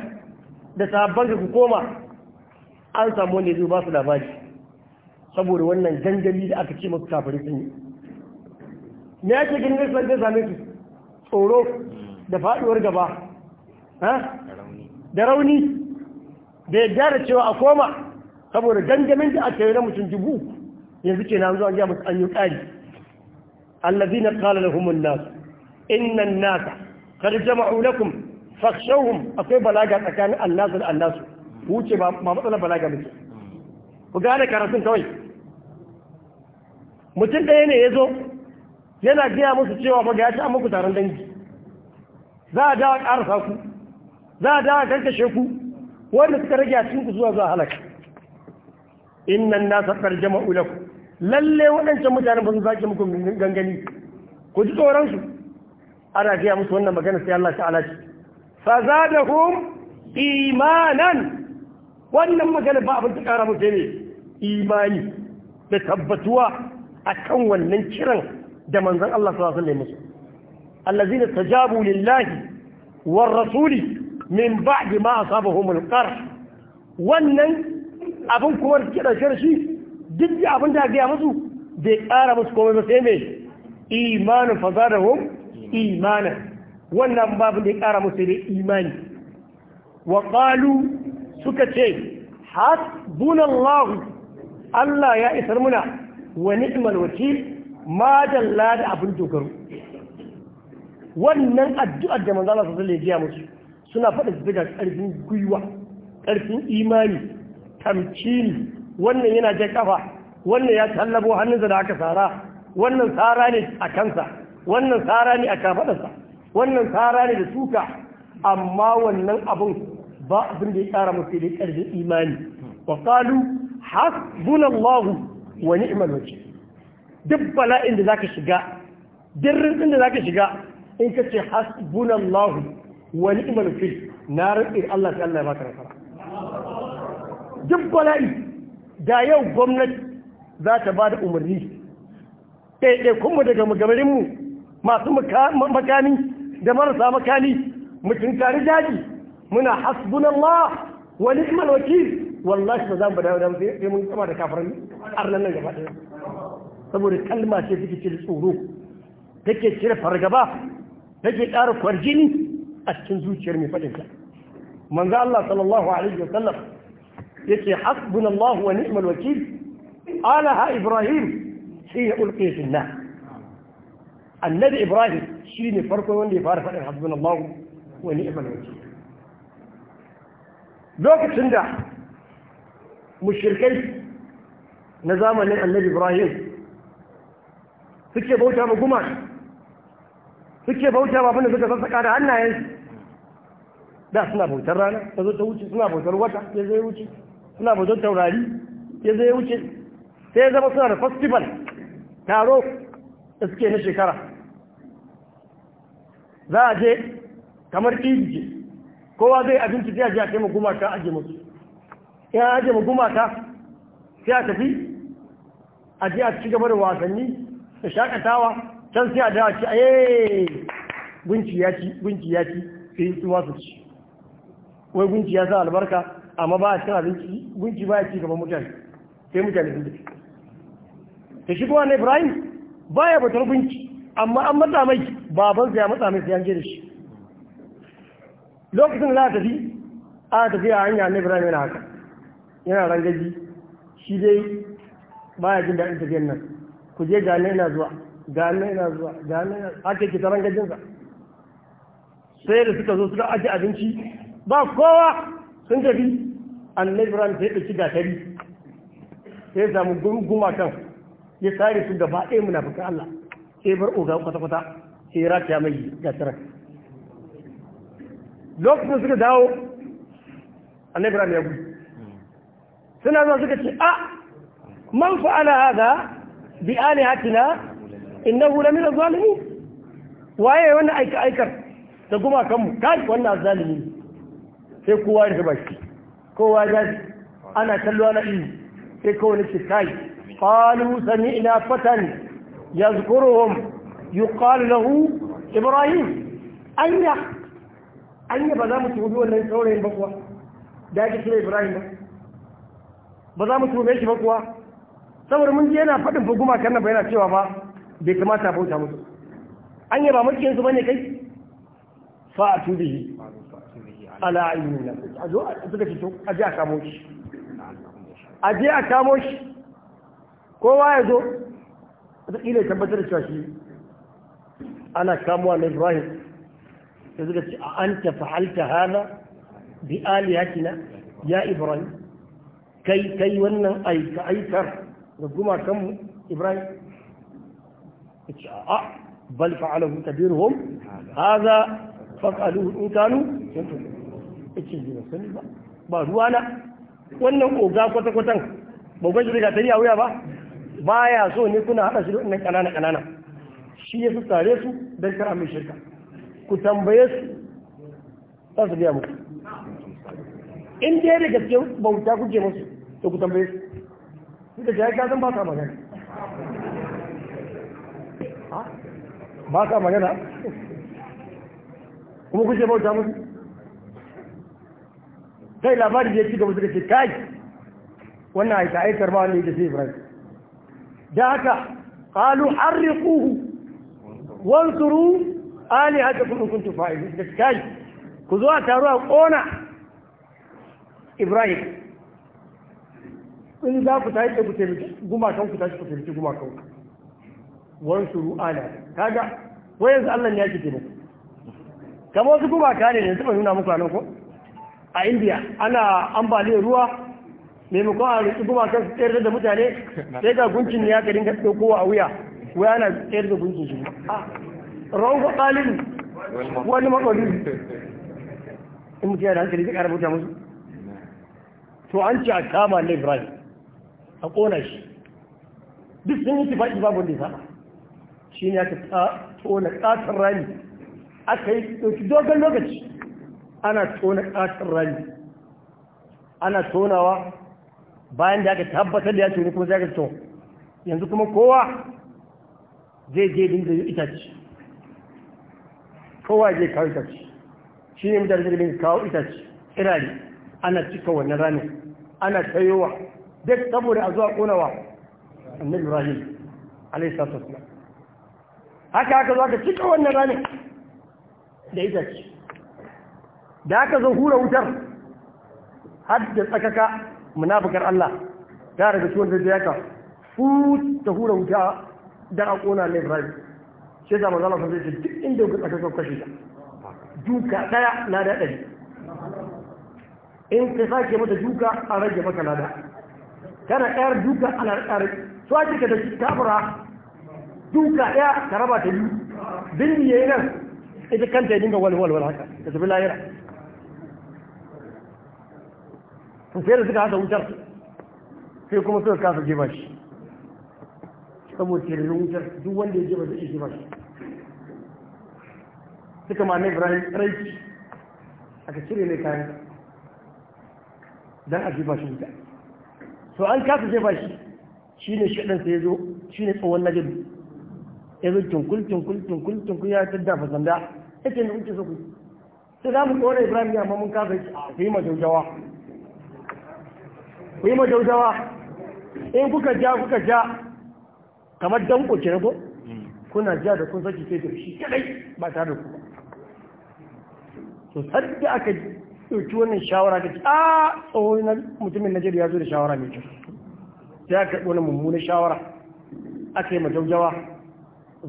da sahabban ku koma an samu ne zuwa su labari saboda wannan gangali da aka ce masu kafin sun yi me ake ganin zai zai same su tsoro da faduwar gaba da rauni da yadda da cewa a koma saboda gangamin da aka yi na mutum dubu yanzu ke na zuwa gya masu an yi ƙari allazi na kala da humun nasu innan nasa kar jama'u lakum fakshauhum akwai balaga tsakanin annasu da su. wuce ba matsala balaga mutum ku gane karatun kawai mutum ɗaya ne ya zo yana gina musu cewa ba ya ci an muku taron dangi za a dawa ƙarasa ku za a dawa karkashe ku wanda suka rage a cikin ku zuwa zuwa halaka innan na jama'u da ku lalle waɗancan mutanen ba su zaki muku gangani ku ji tsoron su ana gina musu wannan magana sai Allah ta'ala ce fa zadahum imanan wannan magana ba abin ta ƙara mutane imani da tabbatuwa akan wannan kiran da manzon Allah sallallahu alaihi wasallam allazina tajabu lillahi war rasuli min ba'di ma asabahum alqarh wannan abin kuma kira shi duk da abin da gaya musu bai ƙara musu komai ba sai mai imanin fazarahum imanin wannan babu da ya ƙara musu da imani wa ƙalu suka ce hasbunallahu Allah ya isar muna Wani iman wakil ma dalla da abin dogaro wannan addu'ar da manzo Allah sallallahu alaihi wasallam musu suna faɗa su daga ƙarfin gwiwa ƙarfin imani tamkini wannan yana jan kafa wannan ya tallabo hannunsa da aka sara wannan sara ne a kansa wannan sara ne a kafaɗarsa wannan sara ne da suka amma wannan abin ba abin da ya ƙara musu da ƙarfin imani wa qalu hasbunallahu Wani ni'mal wakil duk bala'in da zaka shiga duk rinkin da zaka shiga in ka ce hasbunallahu wa ni'mal wakil na rinkin Allah sai Allah ya baka nasara duk bala'i da yau gwamnati za ta ba da umarni ɗaiɗaikunmu daga magabarinmu masu makami da marasa makami mutum tare daji muna hasbunallah wa ni'mal wakil wallahi ba za mu dawo da sai mun kama da kafirin arnan nan gaba ɗaya saboda kalma ce take cire tsoro take cire fargaba take ƙara kwarjini a cikin zuciyar mai faɗin ta manzo Allah sallallahu alaihi wa sallam yace hasbunallahu wa ni'mal wakil alaha ibrahim hiya ulqiya fil nar annabi ibrahim shine farkon wanda ya fara faɗin hasbunallahu wa ni'mal wakil lokacin da mushirkai na zamanin annabi ibrahim suke bauta ma guma suke bauta ma abinda suka sassaka da hannayensu da suna bautar rana ta zo ta wuce suna bautar wata ya zai wuce suna bautar taurari ya zai wuce sai ya zama suna da festival taro da suke na shekara za a je kamar iji kowa zai abinci zai a je a taimaka ka aje musu ya aje mu gumata, sai a tafi a je a ci gaba da wasanni da shakatawa can sai a dawa ci a yi ya ci gunci ya ci sai yi wasu su ci wai gunci ya sa albarka amma ba a cikin abinci gunci ba ya ci gaba mutane sai mutane sun tafi da shi kowa na ibrahim ba ya batar gunci amma an matsa mai babansa ya matsa mai sai an je da shi lokacin da za a tafi a tafi a hanya na ibrahim yana haka yana rangaji shi dai baya jin daɗin tafiyar nan ku je ga yana zuwa ga yana zuwa ga yana ake kita rangajinsa sai da suka zo suka ake abinci ba kowa sun tafi annabi ran sai ɗauki gatari sai samu gunguma kan ya tsari su gaba ɗaya munafikan Allah sai bar oga kwata-kwata sai rataya mai gatarar lokacin suka dawo annabi ran ya gudu suna zuwa suka ce a man fa'ala hada bi alihatina innahu la min zalimi waye wannan aika aikar da kuma kanmu kai wannan zalimi sai kowa ya riba shi kowa ya ana kallo ana yi sai kowa ne ce kai qalu sami'na fatan yazkuruhum yuqalu lahu ibrahim anya anya ba za mu tubi wannan saurayin ba kuwa da ake kira ibrahim ba ba za mu tume shi ba kuwa saboda mun ji yana faɗin fuguma kan nan ba yana cewa ba bai kamata a bauta musu an yaba ba bane kai fa a shi ala ayyumin na a zo a suka fito a je a kamo shi a je a kamo shi kowa ya zo wataƙila ya tabbatar da cewa shi ana kamuwa na ibrahim da zaka ce a an tafi halta hana bi alihatina ya ibrahim kai kai wannan aika aikar da gumakanmu ibrahim ya ce a'a bal fa'alahu kabiruhum haza fa'aluhu in kanu yanzu ya ce gina sani ba ba na wannan oga kwata-kwatan babban shirga ta yi a ba ya so ne kuna haɗa shi da wannan ƙanana-ƙanana shi ya su tare su don kar mai shirka ku tambaye su za su biya muku in dai da gaske bauta kuke musu to ku tambaye su suka ce ya zan ba sa magana ba sa magana kuma kuke bauta musu sai labari ya ci gaba suka ce kai wannan aika aikar ba ne da sai ibrahim da haka qalu harriquhu wansuru alihatakum in kuntum fa'ilin suka ce kai ku zo a taro a kona ibrahim in za ku tashi ku taimaki gumakan ku tashi ku taimaki gumakan ku wan shuru ala kaga ko yanzu Allah ne yake taimako kamar wasu gumaka ne yanzu ban nuna muku anan ko a India ana ambaliyar ruwa maimakon a rufe gumakan su tsayar da mutane sai ga gunkin ne ya ka dinga ɗaukowa a wuya wai ana tsayar da gunkin shi ah, rawu qalin wani makwalin in mutum da hankali zai ƙara mutu musu to an ce a kama na ibrahim a ƙona shi duk sun yi tufaƙi babu wanda ya shi ne aka tona ƙatar rami aka yi ɗauki dogon lokaci ana tona ƙatar rami ana tonawa bayan da aka tabbatar da ya tuni kuma zai to yanzu kuma kowa zai je dinga yi itace kowa zai kawo itace shi ne mutane da dinga kawo itace irari ana cika wannan rami ana tayowa duk saboda a zuwa konawa annabi ibrahim alaihi salatu wasallam haka aka zo aka cika wannan ramin da ita ce da aka zo hura wutar har da tsakaka munafukar Allah ta daga ciwon da ya ka fut ta hura wuta dan a kona na Ibrahim sai da manzo Allah sai duk inda ku tsakaka kashe ta duka daya na da dari in ka sake mata duka a rage maka lada kana ɗayar duka ana ɗari su ake ka da shi kafura duka ɗaya ka raba ta biyu bindi ya yi nan ita kanta ya dinga walwalwal haka ta tafi layira sai da suka hasa wutar sai kuma suka kasa jefa shi saboda tirin wutar duk wanda ya jefa zai jefa shi suka ma na ibrahim raiki aka cire mai kayan dan a jefa shi wutar to an kasa jefa bashi shine dan sai zo shine tsawon najib ya zo tunkul tunkul tunkul tunkul ya fa sanda yake ne kuke so ku sai za mu kore ibrahim ya amma mun kasa shi a ku yi majaujawa ku yi jawjawa in kuka ja kuka ja kamar ku ke ko kuna ja da kun saki sai da shi kadai ba tare da ku ba to sadda aka ɗauki wannan shawara ka ce a tsohon mutumin najeriya ya zo da shawara mai kyau sai aka karɓi wani mummunan shawara aka yi majaujawa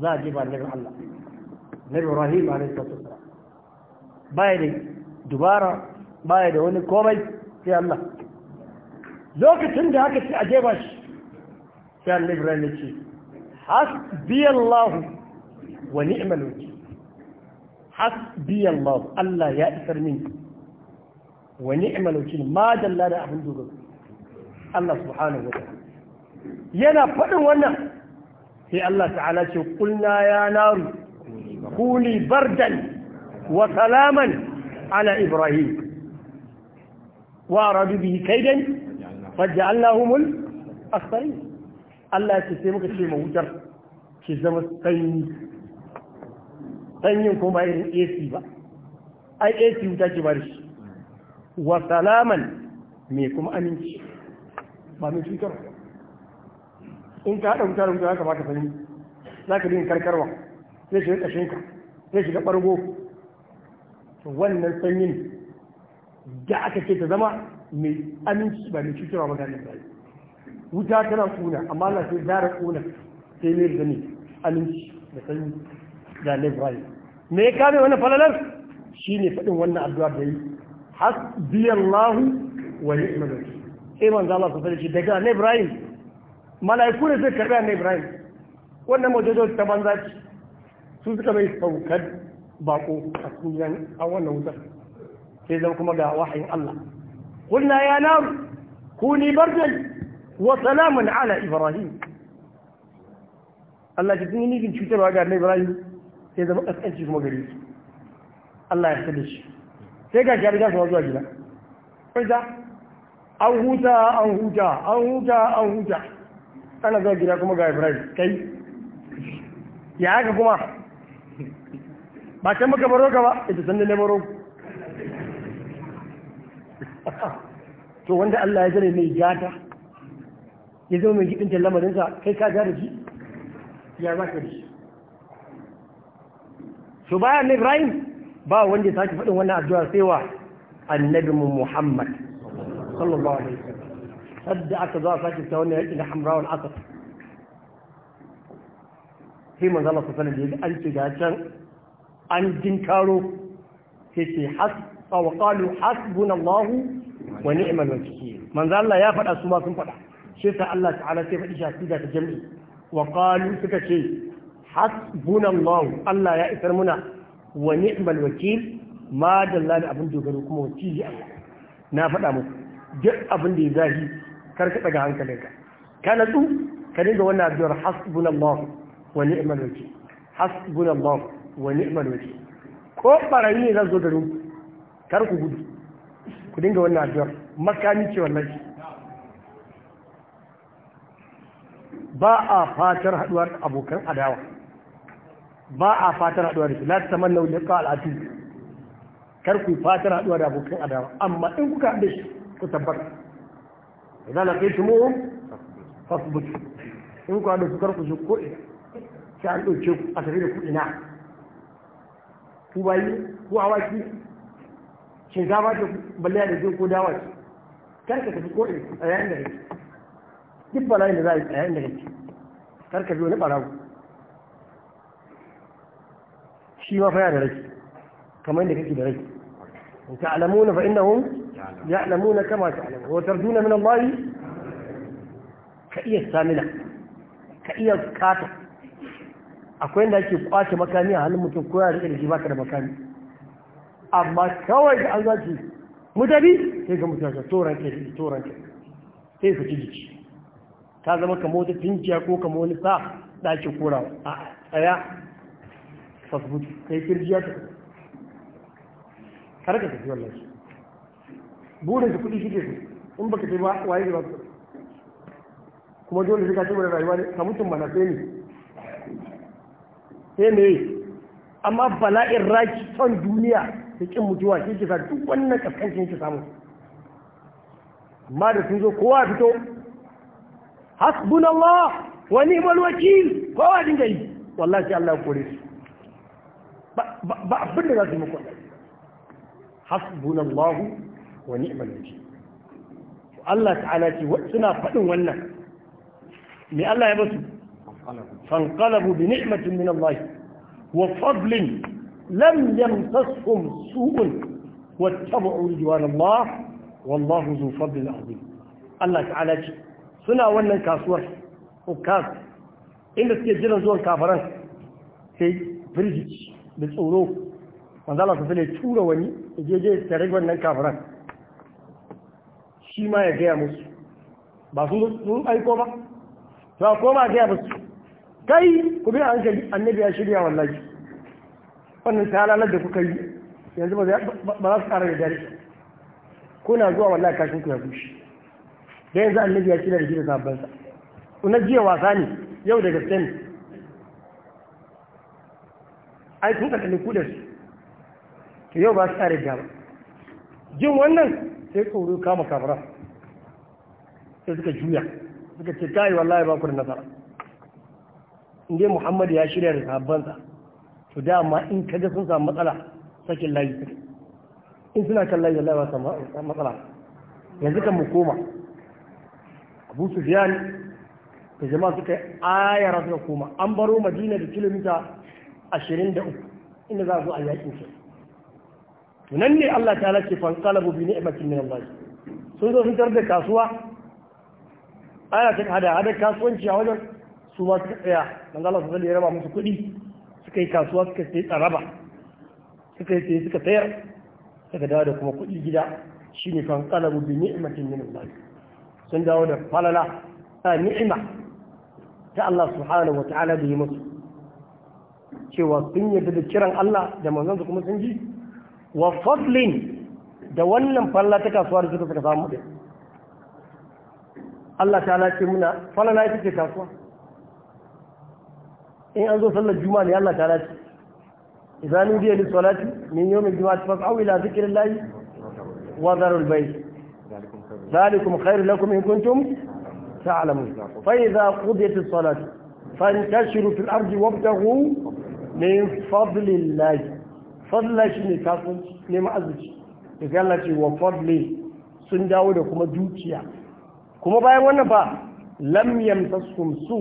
za a jefa annabin allah nabi ibrahim ta salatu ba baya da dubara baya da wani komai sai allah lokacin da aka ce a jefa shi sai annabi ibrahim ya ce hasbi allah wa ni'mal wakil hasbi allah allah ya isar mini Wani ni'mal wakil ma da abin dogaro Allah subhanahu wa yana faɗin wannan sai Allah ta'ala ce kulna ya naru kuni bardan wa salaman ala ibrahim wa aradu bihi kaidan faj'alnahum al-akhsarin Allah ce sai muka ce wutar ki zama sanyi sanyin kuma irin AC ba ai AC wuta ki bari wa salaman mai kuma aminci ba mai cutar in ka haɗa wuta da wuta haka ba ka fahimci? za ka dinga karkarwa zai shiga ƙashinka zai shiga ɓargo wannan sanyin da aka ce ta zama mai aminci ba mai cutarwa ba ganin bayi wuta tana kuna amma na sai zara kuna sai mai da aminci da sanyi da laifin me ya kame wani falalar shine faɗin wannan addu'a da yi hasbiyallahu wa ni'mal wakil sai manzo Allah sallallahu alaihi daga annabi Ibrahim malaiku ne suka karbi annabi Ibrahim wannan mu'jizar ta banza ci su suka mai saukar bako a kunyan a wannan wutar sai zan kuma ga wahayin Allah kulna ya nar kuni barjan wa salamun ala Ibrahim Allah ya tuni cutarwa ga annabi Ibrahim sai zama kaskanci kuma gare shi Allah ya sade shi sai ga shi zuwa zuwa gida an huta an huta an huta an huta ana zuwa gida kuma ga ibrahim kai ya haka kuma ba can maka baro ka ba ita san da ne baro *laughs* to wanda Allah ya zare mai gata ya zama mai gidin lamarinsa kai ka gara ji ya za ka ji su bayan ibrahim ba wanda ya sake faɗin wannan addu'a sai wa annabi Muhammad sallallahu alaihi wasallam sadda aka zo a sake ta wannan yaƙi da Hamrawan Asad sai manzo Allah sallallahu alaihi wasallam an ce ga can an jinkaro Ke ce has wa qalu Wani wa ni'mal wakeel manzo Allah ya faɗa su ma sun faɗa shi yasa Allah ta'ala sai faɗi shi da ta jami'i wa suka ce hasbunallahu Allah ya isar muna wa ni'mal wakil ma dalla da abin dogaro kuma wakili Allah na faɗa muku duk abin da ya zahi kar ka daga hankalinka ka natsu ka dinga wannan addu'ar hasbunallahu wa ni'mal wakil hasbunallahu wa ni'mal wakil ko barayi ne zan zo da ruku kar ku gudu ku dinga wannan addu'ar makami ce wallahi ba a fatar haduwar abokan adawa ba a fatan haɗuwa da shi la ta na liqa al'adu kar ku fatan haɗuwa da abokan adawa amma in kuka haɗe shi ku tabbata idan laqaytumuhum fasbutu in kuka haɗe su kar ku su ko sai an ɗauke ku a tafi da ku ina ku bayi ku awaki ba ta balle da jin ko dawa ce kar ka tafi ko a yayin da kake duk bala'in da za a yi a yayin da kar ka zo na ɓarawo shi ma fa da rai kamar yadda kake da rai in ta'lamuna fa innahum ya'lamuna kama ta'lamun wa tarjuna min Allah ka iya samina ka iya kata akwai inda ake kwace makami a halin mutum ko ya rike da shi baka da makami amma kawai da an zaci mutabi sai ga mutum ya toran ke toran ke sai su ci jiki ta zama kamar wata tunkiya ko kamar wani sa da ake korawa a tsaya fasbutu kai kirjiya ta kar ka tafi wallahi burin ka kudi shige in baka tafi ba waye ba kuma dole sai ka tafi rayuwa ne ka mutum mana sai ne sai ne amma bala'in raki son duniya da kin mutuwa shi ke sa duk wannan kaskancin ki samu amma da sun zo kowa fito hasbunallah wa ni'mal wakil kowa dinga yi wallahi Allah ya kore su ba abin da za su muku hasbunallahu wa ni'mal wakil Allah ta'ala ce suna faɗin wannan me Allah ya basu fanqalabu bi ni'matin min Allah wa fadlin lam yamsashum su'un wattabu'u ridwan Allah wallahu zu fadlin azim Allah ta'ala ce suna wannan kasuwar ukaz inda suke jiran zuwan kafaran sai firgici da tsoro wanda Allah sai ya tura wani je je tare wannan kafiran shi ma ya gaya musu ba su sun aiko ba za a koma gaya musu kai ku bi hankali annabi ya shirya wallahi wannan talalar da kuka yi yanzu ba za su ƙara da dare kuna zuwa wallahi kashin ku ya bushe da yanzu annabi ya shirya da shi da sabbansa kuna jiya wasa ne yau da gaske ne ai sun kakanni ku da su to yau ba su tsare da ba jin wannan sai tsoro kama kafara sai suka juya suka ce kai wallahi ba ku da nasara Inda muhammad ya shirya da sahabbansa to dama in kaga sun samu matsala sakin layi suke in suna kan layi wallahi ba samu matsala yanzu kan mu koma abu sufyan da jama'a suka ayara suka koma an baro madina da kilomita ashirin da uku inda za a zo a yakin shi tunan ne Allah ta lace fansalabu bi ni'matin min Allah sun zo sun da kasuwa ana ta hada hada kasuwanci a wajen su ma su tsaya manzo Allah sallallahu ya raba musu kuɗi suka yi kasuwa suka sai tsaraba suka yi suka sayar suka dawo da kuma kuɗi gida shine fansalabu bi ni'matin min Allah sun dawo da falala ta ni'ima ta Allah subhanahu wa ta'ala da yi musu cewa sun yarda da kiran Allah da manzansa kuma sun ji wa fadlin da wannan falla ta kasuwa da suka suka samu din Allah ta lace muna falala ita ce kasuwa in an zo sallar juma'a ne Allah ta lace idan ni biya salati min yawmin juma'a fas'au ila zikrillahi wa dharul bayt ذلكم خير لكم إن كنتم تعلمون فإذا قضيت الصلاة فانتشروا في الأرض وابتغوا min fadlin lahi fadla shi ne kasuwanci neman arziki da sai Allah ce wa fadli sun dawo da kuma dukiya kuma bayan wannan ba lam yamsaskum su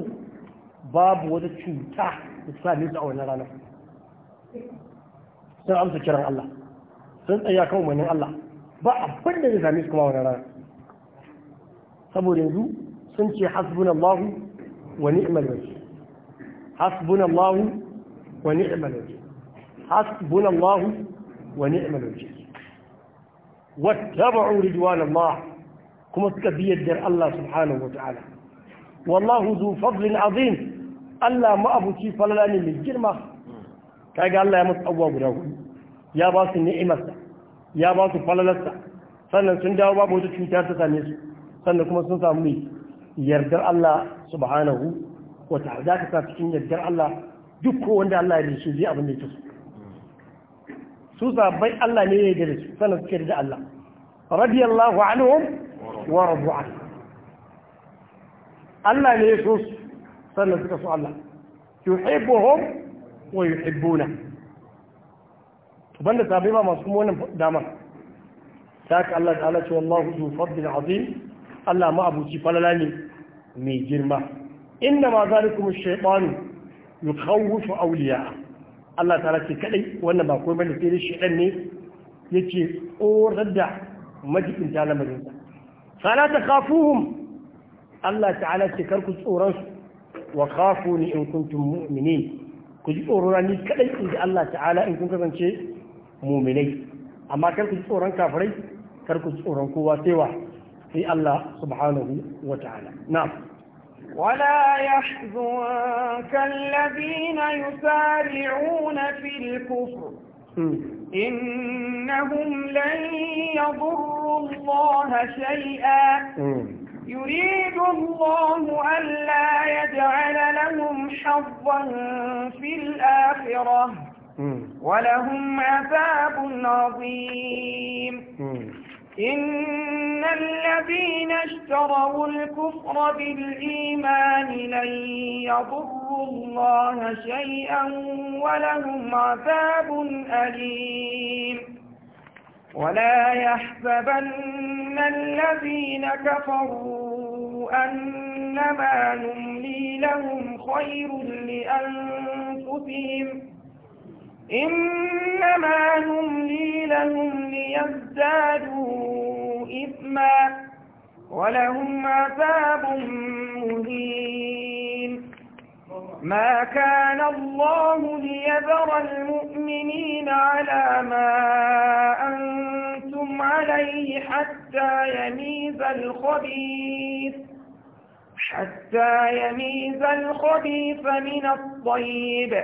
babu wata cuta da sa same a wannan ranar sun amsa kiran Allah sun tsaya kan umarnin Allah ba abin da zai same su kuma wannan ranar saboda yanzu sun ce hasbunallahu wa ni'mal wakil hasbunallahu wa ni'mal wakil hasbuna Allah wa ni'mal wakil واتبعوا رضوان الله كما تكبير الله سبحانه وتعالى والله ذو فضل عظيم الله ما أبو تي فللاني من جرمة كاقى الله يمس أبواب له يا باس النعمة يا باس فللسة sannan sun dawo babu wata cuta ta same su sannan kuma sun samu ne yardar Allah subhanahu wa ta'ala ka sa cikin yardar Allah duk ko wanda Allah ya dace zai abin da yake so su sabai Allah ne ya yi da su sanan suke da Allah radiyallahu anhum wa radu an Allah ne ya so su sanan suka so Allah yuhibbuhum wa yuhibbuna to banda sabai ba masu kuma wannan dama ta ka Allah ta'ala ce wallahu zu fadlin azim Allah ma abuci falala ne mai girma inna ma zalikum shaytanu yukhawwifu awliya Allah ta ce kadai wannan ba komai bane sai shi dan ne yace tsorar da majikin ta lamarin sa fala takhafuhum Allah ta'ala ce karku tsoron su wa khafuni in kuntum mu'minin ku ji tsorona ni kadai in ji Allah ta'ala in kun kasance mu'minai amma karku ku tsoron kafirai karku ku tsoron kowa sai wa sai Allah subhanahu wa ta'ala na'am ولا يحزنك الذين يسارعون في الكفر إنهم لن يضروا الله شيئا يريد الله ألا يجعل لهم حظا في الآخرة ولهم عذاب عظيم إن الذين اشتروا الكفر بالإيمان لن يضروا الله شيئا ولهم عذاب أليم ولا يحسبن الذين كفروا أنما نملي لهم خير لأنفسهم إنما نملي لهم ليزدادوا إثما ولهم عذاب مهين ما كان الله ليذر المؤمنين على ما أنتم عليه حتى يميز الخبيث حتى يميز الخبيث من الطيب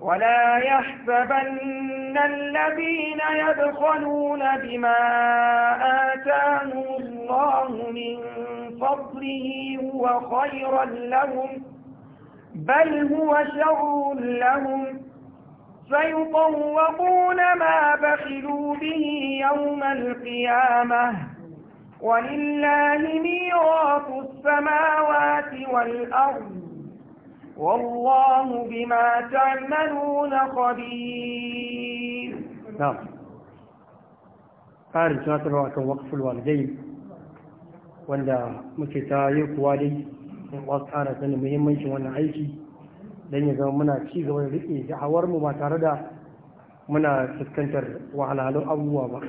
ولا يحسبن الذين يبخلون بما آتاهم الله من فضله هو خيرا لهم بل هو شر لهم فيطوقون ما بخلوا به يوم القيامة ولله ميراث السماوات والأرض والله بما تعملون خبير نعم ƙarin tunatarwa akan waƙafin walidai wanda muke ta yi kuwa dai in wasu sani muhimmancin wannan aiki don ya zama muna ci gaba da riƙe mu ba tare da muna fuskantar wahalhalun abubuwa ba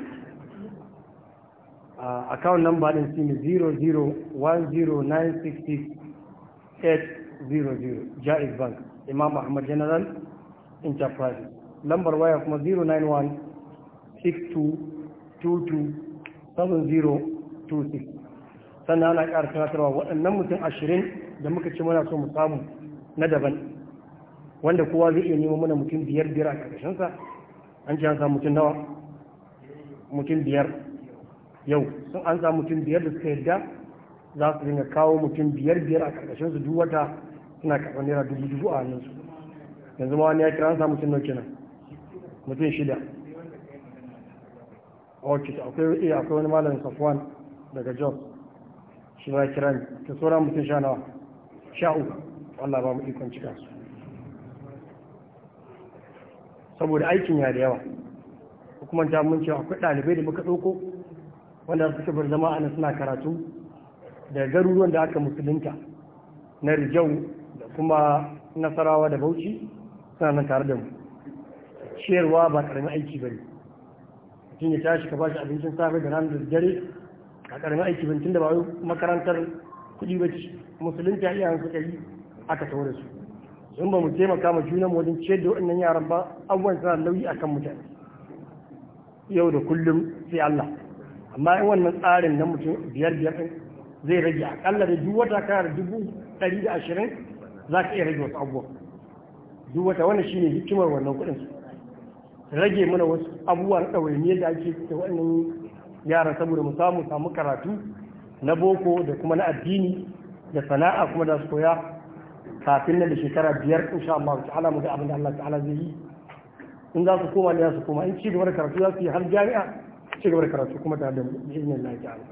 a akawun nan ba ɗin su ne 0010968 00 Jaiz Bank Imam Ahmad General Enterprise lambar waya kuma 091 6222 sannan ana ƙara tunatarwa waɗannan mutum ashirin da muka ce mana so mu samu na daban wanda kowa zai iya nemo mana mutum biyar biyar a ƙarshensa an ce an samu mutum nawa mutum biyar yau sun an samu mutum biyar da suka yadda za su dinga kawo mutum biyar biyar a ƙarƙashinsu duk wata suna karɓar naira dubu dubu a hannunsu yanzu ma wani ya kira an samu mutum nauke nan mutum shida ok akwai iya eh, akwai wani malamin safwan daga jos shi ma kira ni ta sauran mutum sha nawa sha uku Allah ba mu ikon cika su saboda aikin ya da yawa hukumar ta mun cewa akwai ɗalibai da muka ɗauko wanda suka bar zama a suna karatu da garuruwan da aka musulunta na rijau kuma nasarawa da bauchi suna nan tare da mu ciyarwa ba karamin aiki ba ne mutum ya tashi ka bashi abincin safe da ranar dare a karamin aiki ba tun da ba makarantar kuɗi ba ce musulunci a iya suka yi aka tawo da su in ba mu taimaka ma junan wajen ciyar da waɗannan yaran ba abubuwan suna nauyi a kan mutane yau da kullum sai Allah amma in wannan tsarin na mutum biyar biyar zai rage akalla da duk wata kayar da dubu ɗari da ashirin za ka iya rage wasu abubuwa duk wata shi ne hikimar wannan su rage mana wasu abubuwa na ɗawainiyar da ake ta wannan yaran saboda mu samu samu karatu na boko da kuma na addini da sana'a kuma da su koya kafin nan da shekara biyar sha Allah ta'ala mu ga abin da Allah ta'ala zai yi in za su koma ne su koma in ci gaba da karatu za su yi har jami'a ci gaba da karatu kuma tare da izinin Allah ta'ala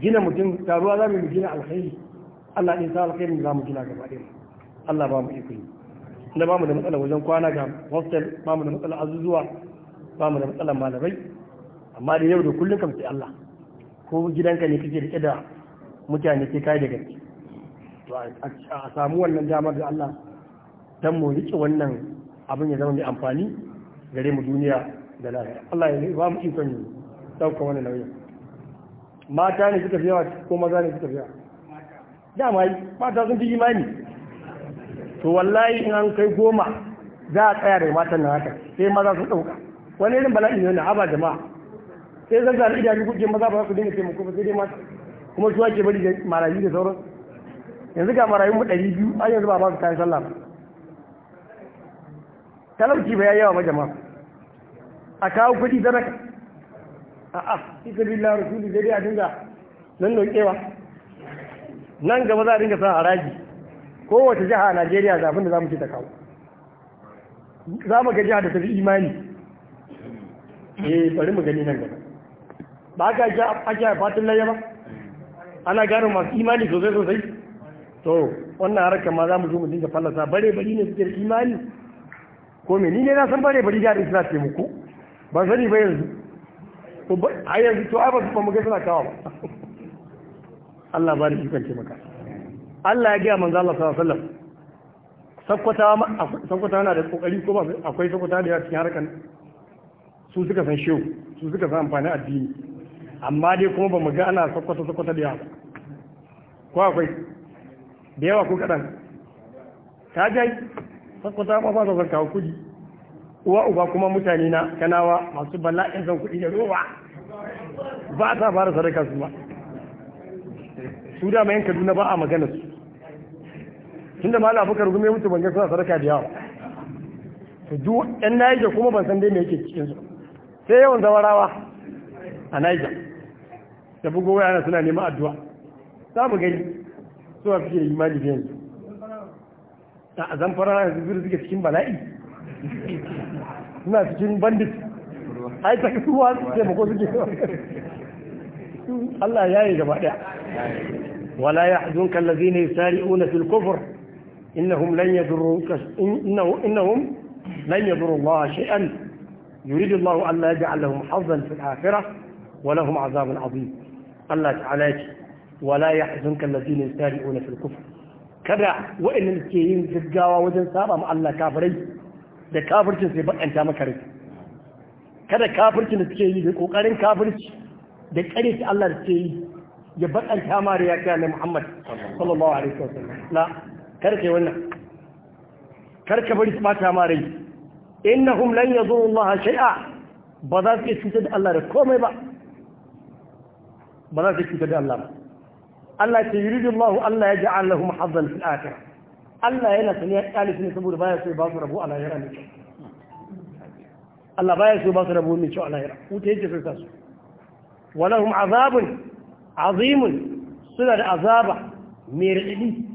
gina mutum taruwa za mu gina alkhairi Allah ɗin sa alkhairin za mu gina gaba ɗaya Allah ba mu iko yi inda ba mu da matsala wajen kwana ga hostel ba mu da matsala azuzuwa ba mu da matsala malamai amma da yau da kullum kam sai Allah ko gidanka ne kake rike da mutane ke kai daga gaske to a samu wannan damar da Allah dan mu rike wannan abin ya zama mai amfani gare mu duniya da lafiya Allah ya ba mu iko yi dauka wannan nauyin mata ne suka fi yawa ko maza ne suka fi yawa dama mata sun fi imani to wallahi in an kai goma za a tsaya da matan na haka sai maza su ɗauka wani irin bala'i ne na haba jama'a sai zan zaɓi idanu kuke maza ba za ku dinga taimako ba sai dai mata kuma su ake bari da marayu da sauran yanzu ga marayun mu ɗari biyu an yanzu ba ba su kayan sallah ba talauci ba ya yawa ba jama'a a kawo kuɗi a a'a isa billah rasuli dai a dinga nan nokewa nan gaba za a dinga sa haraji kowace jiha a najeriya zafin da za mu ce ta kawo za mu ga jiha da ta fi imani eh bari mu gani nan gaba ba ka ji ake fatin layya ba ana gano masu imani sosai sosai to wannan harkar ma za mu zo mu dinga fallasa bare bari ne suke imani ko me ni ne na san bare bari da Isra ce muku ban sani ba yanzu a yanzu to ai ba su ba mu ga suna kawo ba *laughs* Allah ba da ikon ce maka Allah ya gaya manzo Allah sallallahu alaihi wasallam sakwata yana da kokari ko akwai sakwata da ya cikin harkan su suka san shehu su suka san amfani addini amma dai kuma ba mu ga ana sakwata sakwata da yawa ko akwai da yawa ko kaɗan ta jai sakwata ma ba sa san kawo kuɗi uwa uba kuma mutane na kanawa masu bala'in zan kudi da ruwa ba ta fara sadaka su ba su da mayan kaduna ba a magana su tunda malam abubakar gume mutu ban suna sadaka da yawa to duk yan Niger kuma ban san dai me yake cikin su sai yawan zawarawa a Niger da bugo waya suna neman addu'a za mu gani ma suke da imani da yanzu a zamfara yanzu zuru suke cikin bala'i suna cikin bandit ai ta kasuwa su ce mako suke Allah ya yi gaba daya wala ya hajjun kallazi ne sari'una fil kufur إنهم لن يضروك إنه إنهم لن يضروا الله شيئا يريد الله أن لا يجعل لهم حظا في الآخرة ولهم عذاب عظيم الله تعالى ولا يحزنك الذين يسارعون في الكفر كذا وإن الكيين زجاوا وجن سارا مع الله كافرين da kafircin sai bakanta maka rai kada kafircin da suke yi da kokarin kafirci da kare ta Allah da suke yi ya bakanta ma riya ta Muhammad sallallahu alaihi wasallam la kar kai wannan kar ka bari su bata ma rai innahum lan yazuru Allah shay'a ba za su cutar da Allah da komai ba ba za su cutar da Allah ba Allah ya yuridu Allah Allah ya ja'al lahum hazzan fil akhirah Allah yana sani alif ne saboda baya so ba su rabu a lahira ne Allah baya so ba su rabu ne cewa lahira ta yake so su walahum azabun azimun suna da azaba mai riɗi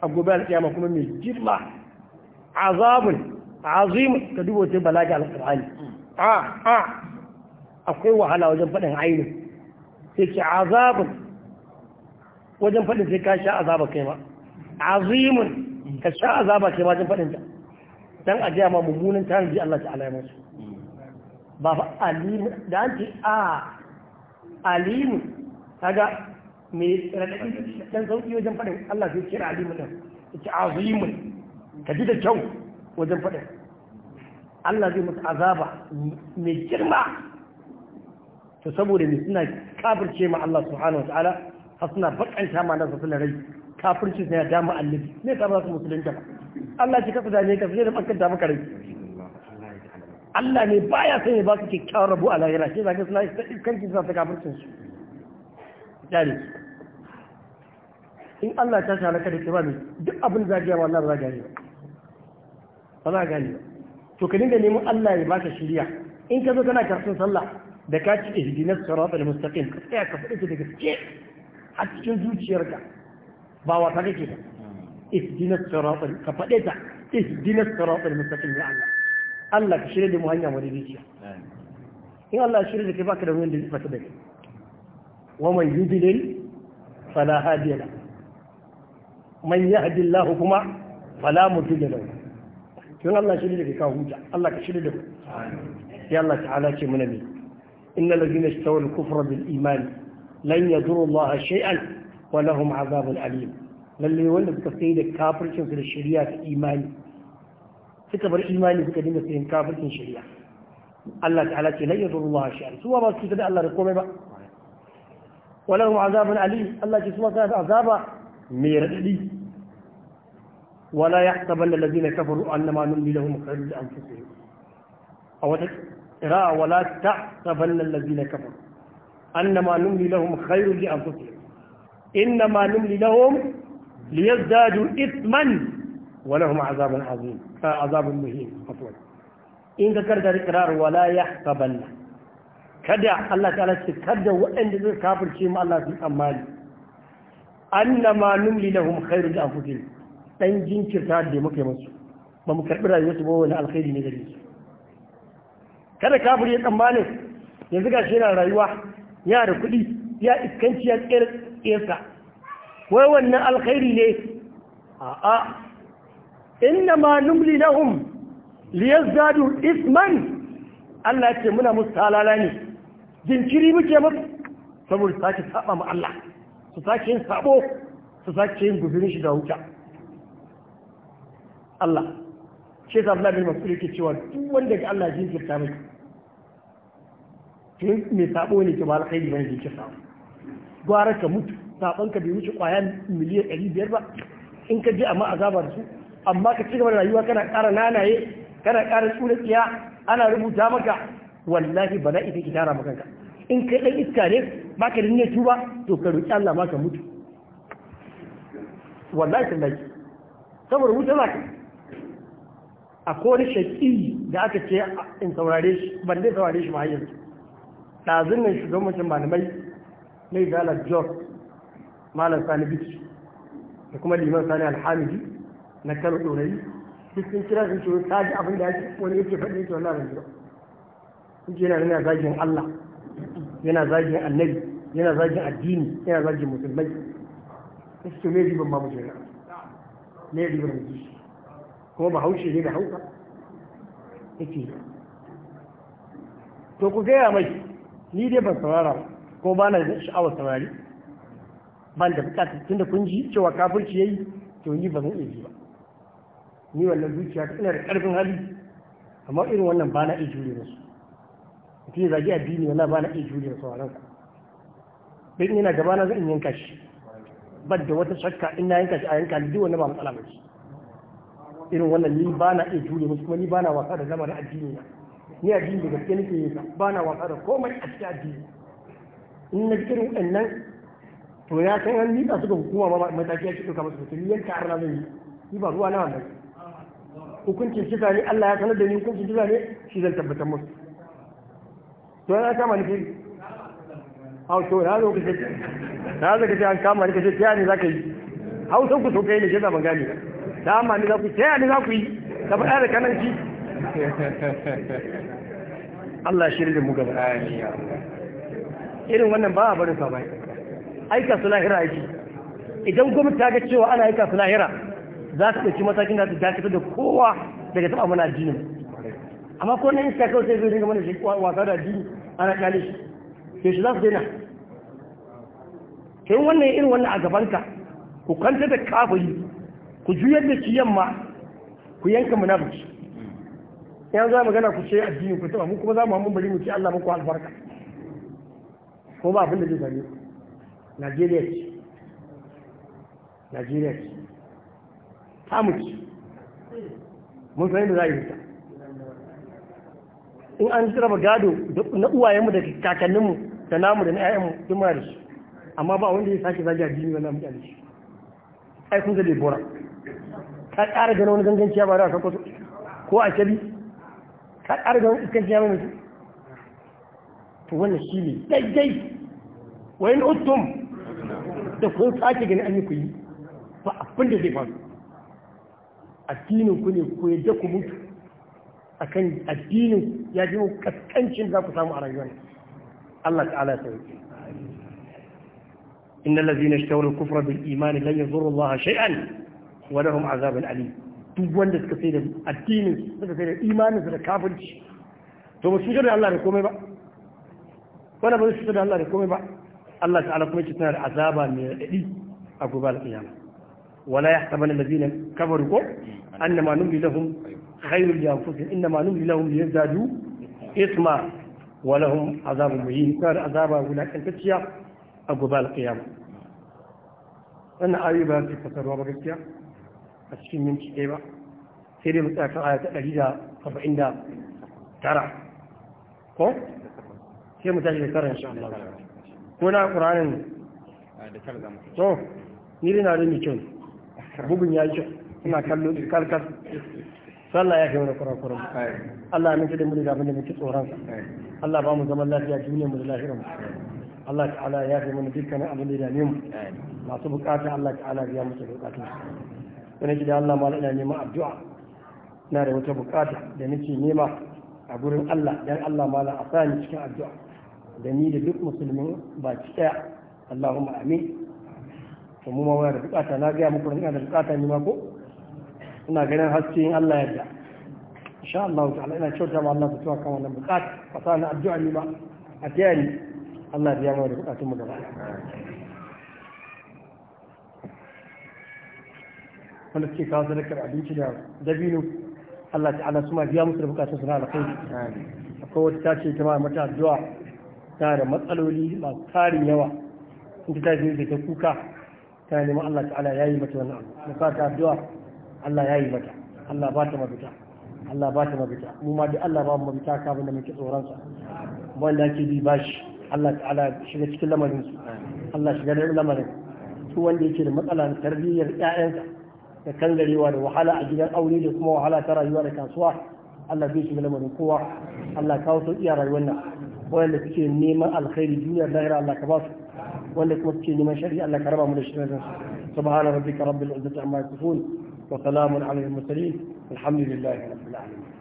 a gobe alƙiyama kuma mai jirma azabun azim ka duba wajen balaga alƙur'ani a a akwai wahala wajen faɗin aini sai ce azabun wajen faɗin sai ka sha azaba kai ma azimun ka sha azaba kai ma wajen faɗin ta dan a gaya ma mummunan tanadi Allah ta'ala ya masu ba alimu da an ce a alimu kaga mai raɗaɗi dan sauƙi wajen faɗin Allah zai kira alimu ɗin yake azimun ka ji da kyau wajen faɗin Allah zai musu azaba mai girma to saboda me suna kafirce ma Allah subhanahu wataala har suna bakanta ma nasu suna rai kafirci suna dama annabi ne ka ba su musulunta ba Allah ce kasa dame ka sai da bakanta maka rai Allah ne baya son ya ba su kyakkyawar rabu a lahira shi zaka suna iskanci suna ta kafircin su kyale in Allah ta sa laka da ke ba duk abin za wa Allah ba za ba ba za gane ba to ka dinga neman Allah ya baka shirya in ka zo kana karfin sallah da ka ci ihdinas al mustaqim ka tsaya ka faɗi da gaske a cikin zuciyarka ba wasa kake ba ihdinas siratal ka faɗe ta ihdinas al mustaqim ya Allah Allah ka shirya da mu hanya zuciya in Allah ya shirya da kai baka da wani da zai fata da kai ومن يضلل فلا هادي له من يهدي الله كما فلا مضل له shirya da ka Allah ka shirya da ku sai ta'ala ce mana ne inna lazina istawal kufra bil iman lan yadurru Allah shay'an wa lahum azabun alim lalle wanda suka da da imani suka bar imani suka dinga sayin kafircin shari'a Allah ta'ala ce lan yadurru Allah shay'an su ba su da Allah da komai ba ولهم عذاب أليم الله جسوا عذاب عذابا ميردي ولا يحسبن الذين كفروا أنما نملي لهم خير لأنفسهم أو قراءة ولا تحسبن الذين كفروا أنما نملي لهم خير لأنفسهم إنما نملي لهم ليزدادوا إثما ولهم عذاب عظيم آه، عذاب مهين أطول إن ذكرت الإقرار ولا يحسبن kada Allah ta ce kada waɗanda zai kafirce mu Allah su tsammani annama numli lahum khairul anfusihim dan jinkirta da muke musu ba mu karbi rayuwarsu ba wani alkhairi ne gare su kada kafir ya tsammanin yanzu shi yana rayuwa ya da kuɗi ya iskanci ya tsirsa wai wannan alkhairi ne a'a inna ma numli lahum liyazdadu isman Allah ce muna musu talala ne jinkiri muke musu saboda sake saba ma Allah su sake yin sabo su sake yin guzurin shiga wuta Allah shi ta Abdullahi bin masu yake cewa duk wanda ga Allah jinkirta mai tun mai sabo ne ke ba alkhairi bane jinkirta gwara ka mutu sabon ka bai wuce kwaya miliyan 500 ba in ka je amma azabar su amma ka ci gaba da rayuwa kana ƙara nanaye kana ƙara tsura tsiya ana rubuta maka wallahi bala'i sai ita tara maka kanka in kai dan iska ne ka da niyyar tuba to ka roki Allah ma ka mutu wallahi tallahi saboda wuta za ka a kone shaƙi da aka ce in saurare shi ban dai saurare shi mahayyar ɗazin nan shugaban mutum malamai mai izalar george malam sani biki da kuma liman sani alhamidi na kano ɗorayi duk sun kira sun ce ta ji abin da ya ce wani yake faɗi yake wannan abin kuke yana yana zagin Allah yana zagin annabi yana zagin addini yana zagin musulmai su ne ribin ma mutane ne ribin mutu kuma ba haushe ne da hauka ce to ku gaya mai ni dai ban saurara ko ba na sha'awar saurari ban da bukata tunda kun ji cewa kafirci yayi to ni ba zan iya ji ba ni wannan zuciya ina da karfin hali amma irin wannan ba na iya jure musu ke ya addini wala ba na iya juriya sauran ku dan yana gaba na zan yanka shi ban da wata shakka ina na yanka shi a yanka ni duk wani ba matsala ba irin wannan ni ba na iya juriya musu kuma ni ba na wasa da da addini na ni addini da gaske nake yi ba na wasa da komai a cikin addini in na cikin wannan to ya san an liƙa su ga hukuma ba mataki ya kika masu ni yanka har na zan yi ni ba ruwa na wannan hukuncin kisa ne Allah ya sanar da ni hukuncin kisa ne shi zan tabbatar musu to yana kama ni fili au to na zo kace na zo kace an kama ni kace tayani zaka yi hausan ku so kai ne ke zaman gani da amma ni za ku ta tayani za ku yi da faɗa da kananci Allah shirye da mu gaba amin irin wannan ba a barin sa bai aika su lahira aiki idan gwamnati ta ga cewa ana aika su lahira za ta ɗauki matakin da ta dakatar da kowa daga taɓa mana addinin amma ko na yin shakau sai zai dinga mana shi wasa da addini ana kyale shi ke shi za su daina kai wannan irin wannan a gabanka ku kanta da kafiri ku juyar da shi yamma ku yanka munafiki ya za magana ku ce addini ku taba mu kuma za mu hamu bari mu ce Allah muku albarka ko ba abin da zai same Najeriya ce Najeriya ce ta mu ci mun sanin da za a yi ta in an raba gado na uwayenmu da kakanninmu da namu da na 'ya'yanmu mara muna da amma ba wanda ya sake zagi jini wanda mu shi ai kun zabe bora ka ƙara gano wani ganganciya ba da ka kwaso ko a kyali ka ƙara gano iskanciya mai mutum to wannan shi ne daidai wani yin utum da kun sake gani an yi ku yi ba abin da zai faru tinin ku ne ku yadda ku mutu akan addinin ya ji kaskancin za ku samu a rayuwar Allah ta'ala ya sauke innal ladzina ishtawalu kufra bil iman lan yadhurru Allah shay'an wa lahum Azabin Ali, duk wanda suka sai da addinin suka sai da imanin su da kafirci to ba su da Allah da komai ba wanda ba su da Allah da komai ba Allah ta'ala kuma ce tana da azaba mai radadi a gobe al-qiyama wala yahsabanna allazina kafaru ko annama numli lahum خير لأنفسهم إنما نملي لهم ليزدادوا إثما ولهم عذاب مهين كان عذاب هناك أن تتشيع أبو القيامة أنا بها في فترة وبركة أتشين من شيئا سيري متأكا آية أجيزة طبعين دا ترى كو sai mu tashi da شاء الله Allah ko تو Qur'anin da kar zamu to ni na da ni sallah ya kai mana kurakuran Allah amince da mu da abin da muke tsoron Allah ba mu zaman lafiya duniyar mu da lafiyar mu Allah ta'ala ya kai mana dukkan abin da ya dame mu masu bukata Allah ta'ala biya musu bukatun su ina gida Allah ma ina neman addu'a na da wata bukata da nake nema a gurin Allah dan Allah ma la asani cikin addu'a da ni da duk musulmin baki daya Allahumma amin kuma mu ma da bukata na ga muku ina da bukata ni ma ko ina ganin haske in Allah yadda insha Allah ta'ala ina kyauta ma Allah fitowa kan wannan bukata sa ni addu'a ni ba a taya ni Allah ya mana da bukatun mu gaba wanda suke kawo sadakar abinci da dabino Allah ta'ala su ma biya musu da bukatun su na alkhairi akwai wata ta ce ta ma mata addu'a tana da matsaloli masu tarin yawa in ta ta da ta kuka ta neman Allah ta'ala ya yi mata wannan abu da sa ta addu'a Allah ya yi mata Allah ba ta mafita Allah ba ta mafita mu ma duk Allah ba mu mafita ka da muke tsoron sa wanda ake bi bashi Allah ta'ala shiga cikin lamarin su Allah shiga da lamarin su wanda yake da matsala tarbiyyar ƴaƴansa da kangarewa da wahala a gidan aure da kuma wahala ta rayuwa da kasuwa Allah zai shiga lamarin kowa Allah kawo sauƙi a rayuwar nan wanda suke neman alkhairi duniyar lahira Allah ka ba su ولكمك لمن شرع لك ربهم للشرع سبحان ربك رب العزة عما يصفون وسلام على المرسلين الحمد لله رب العالمين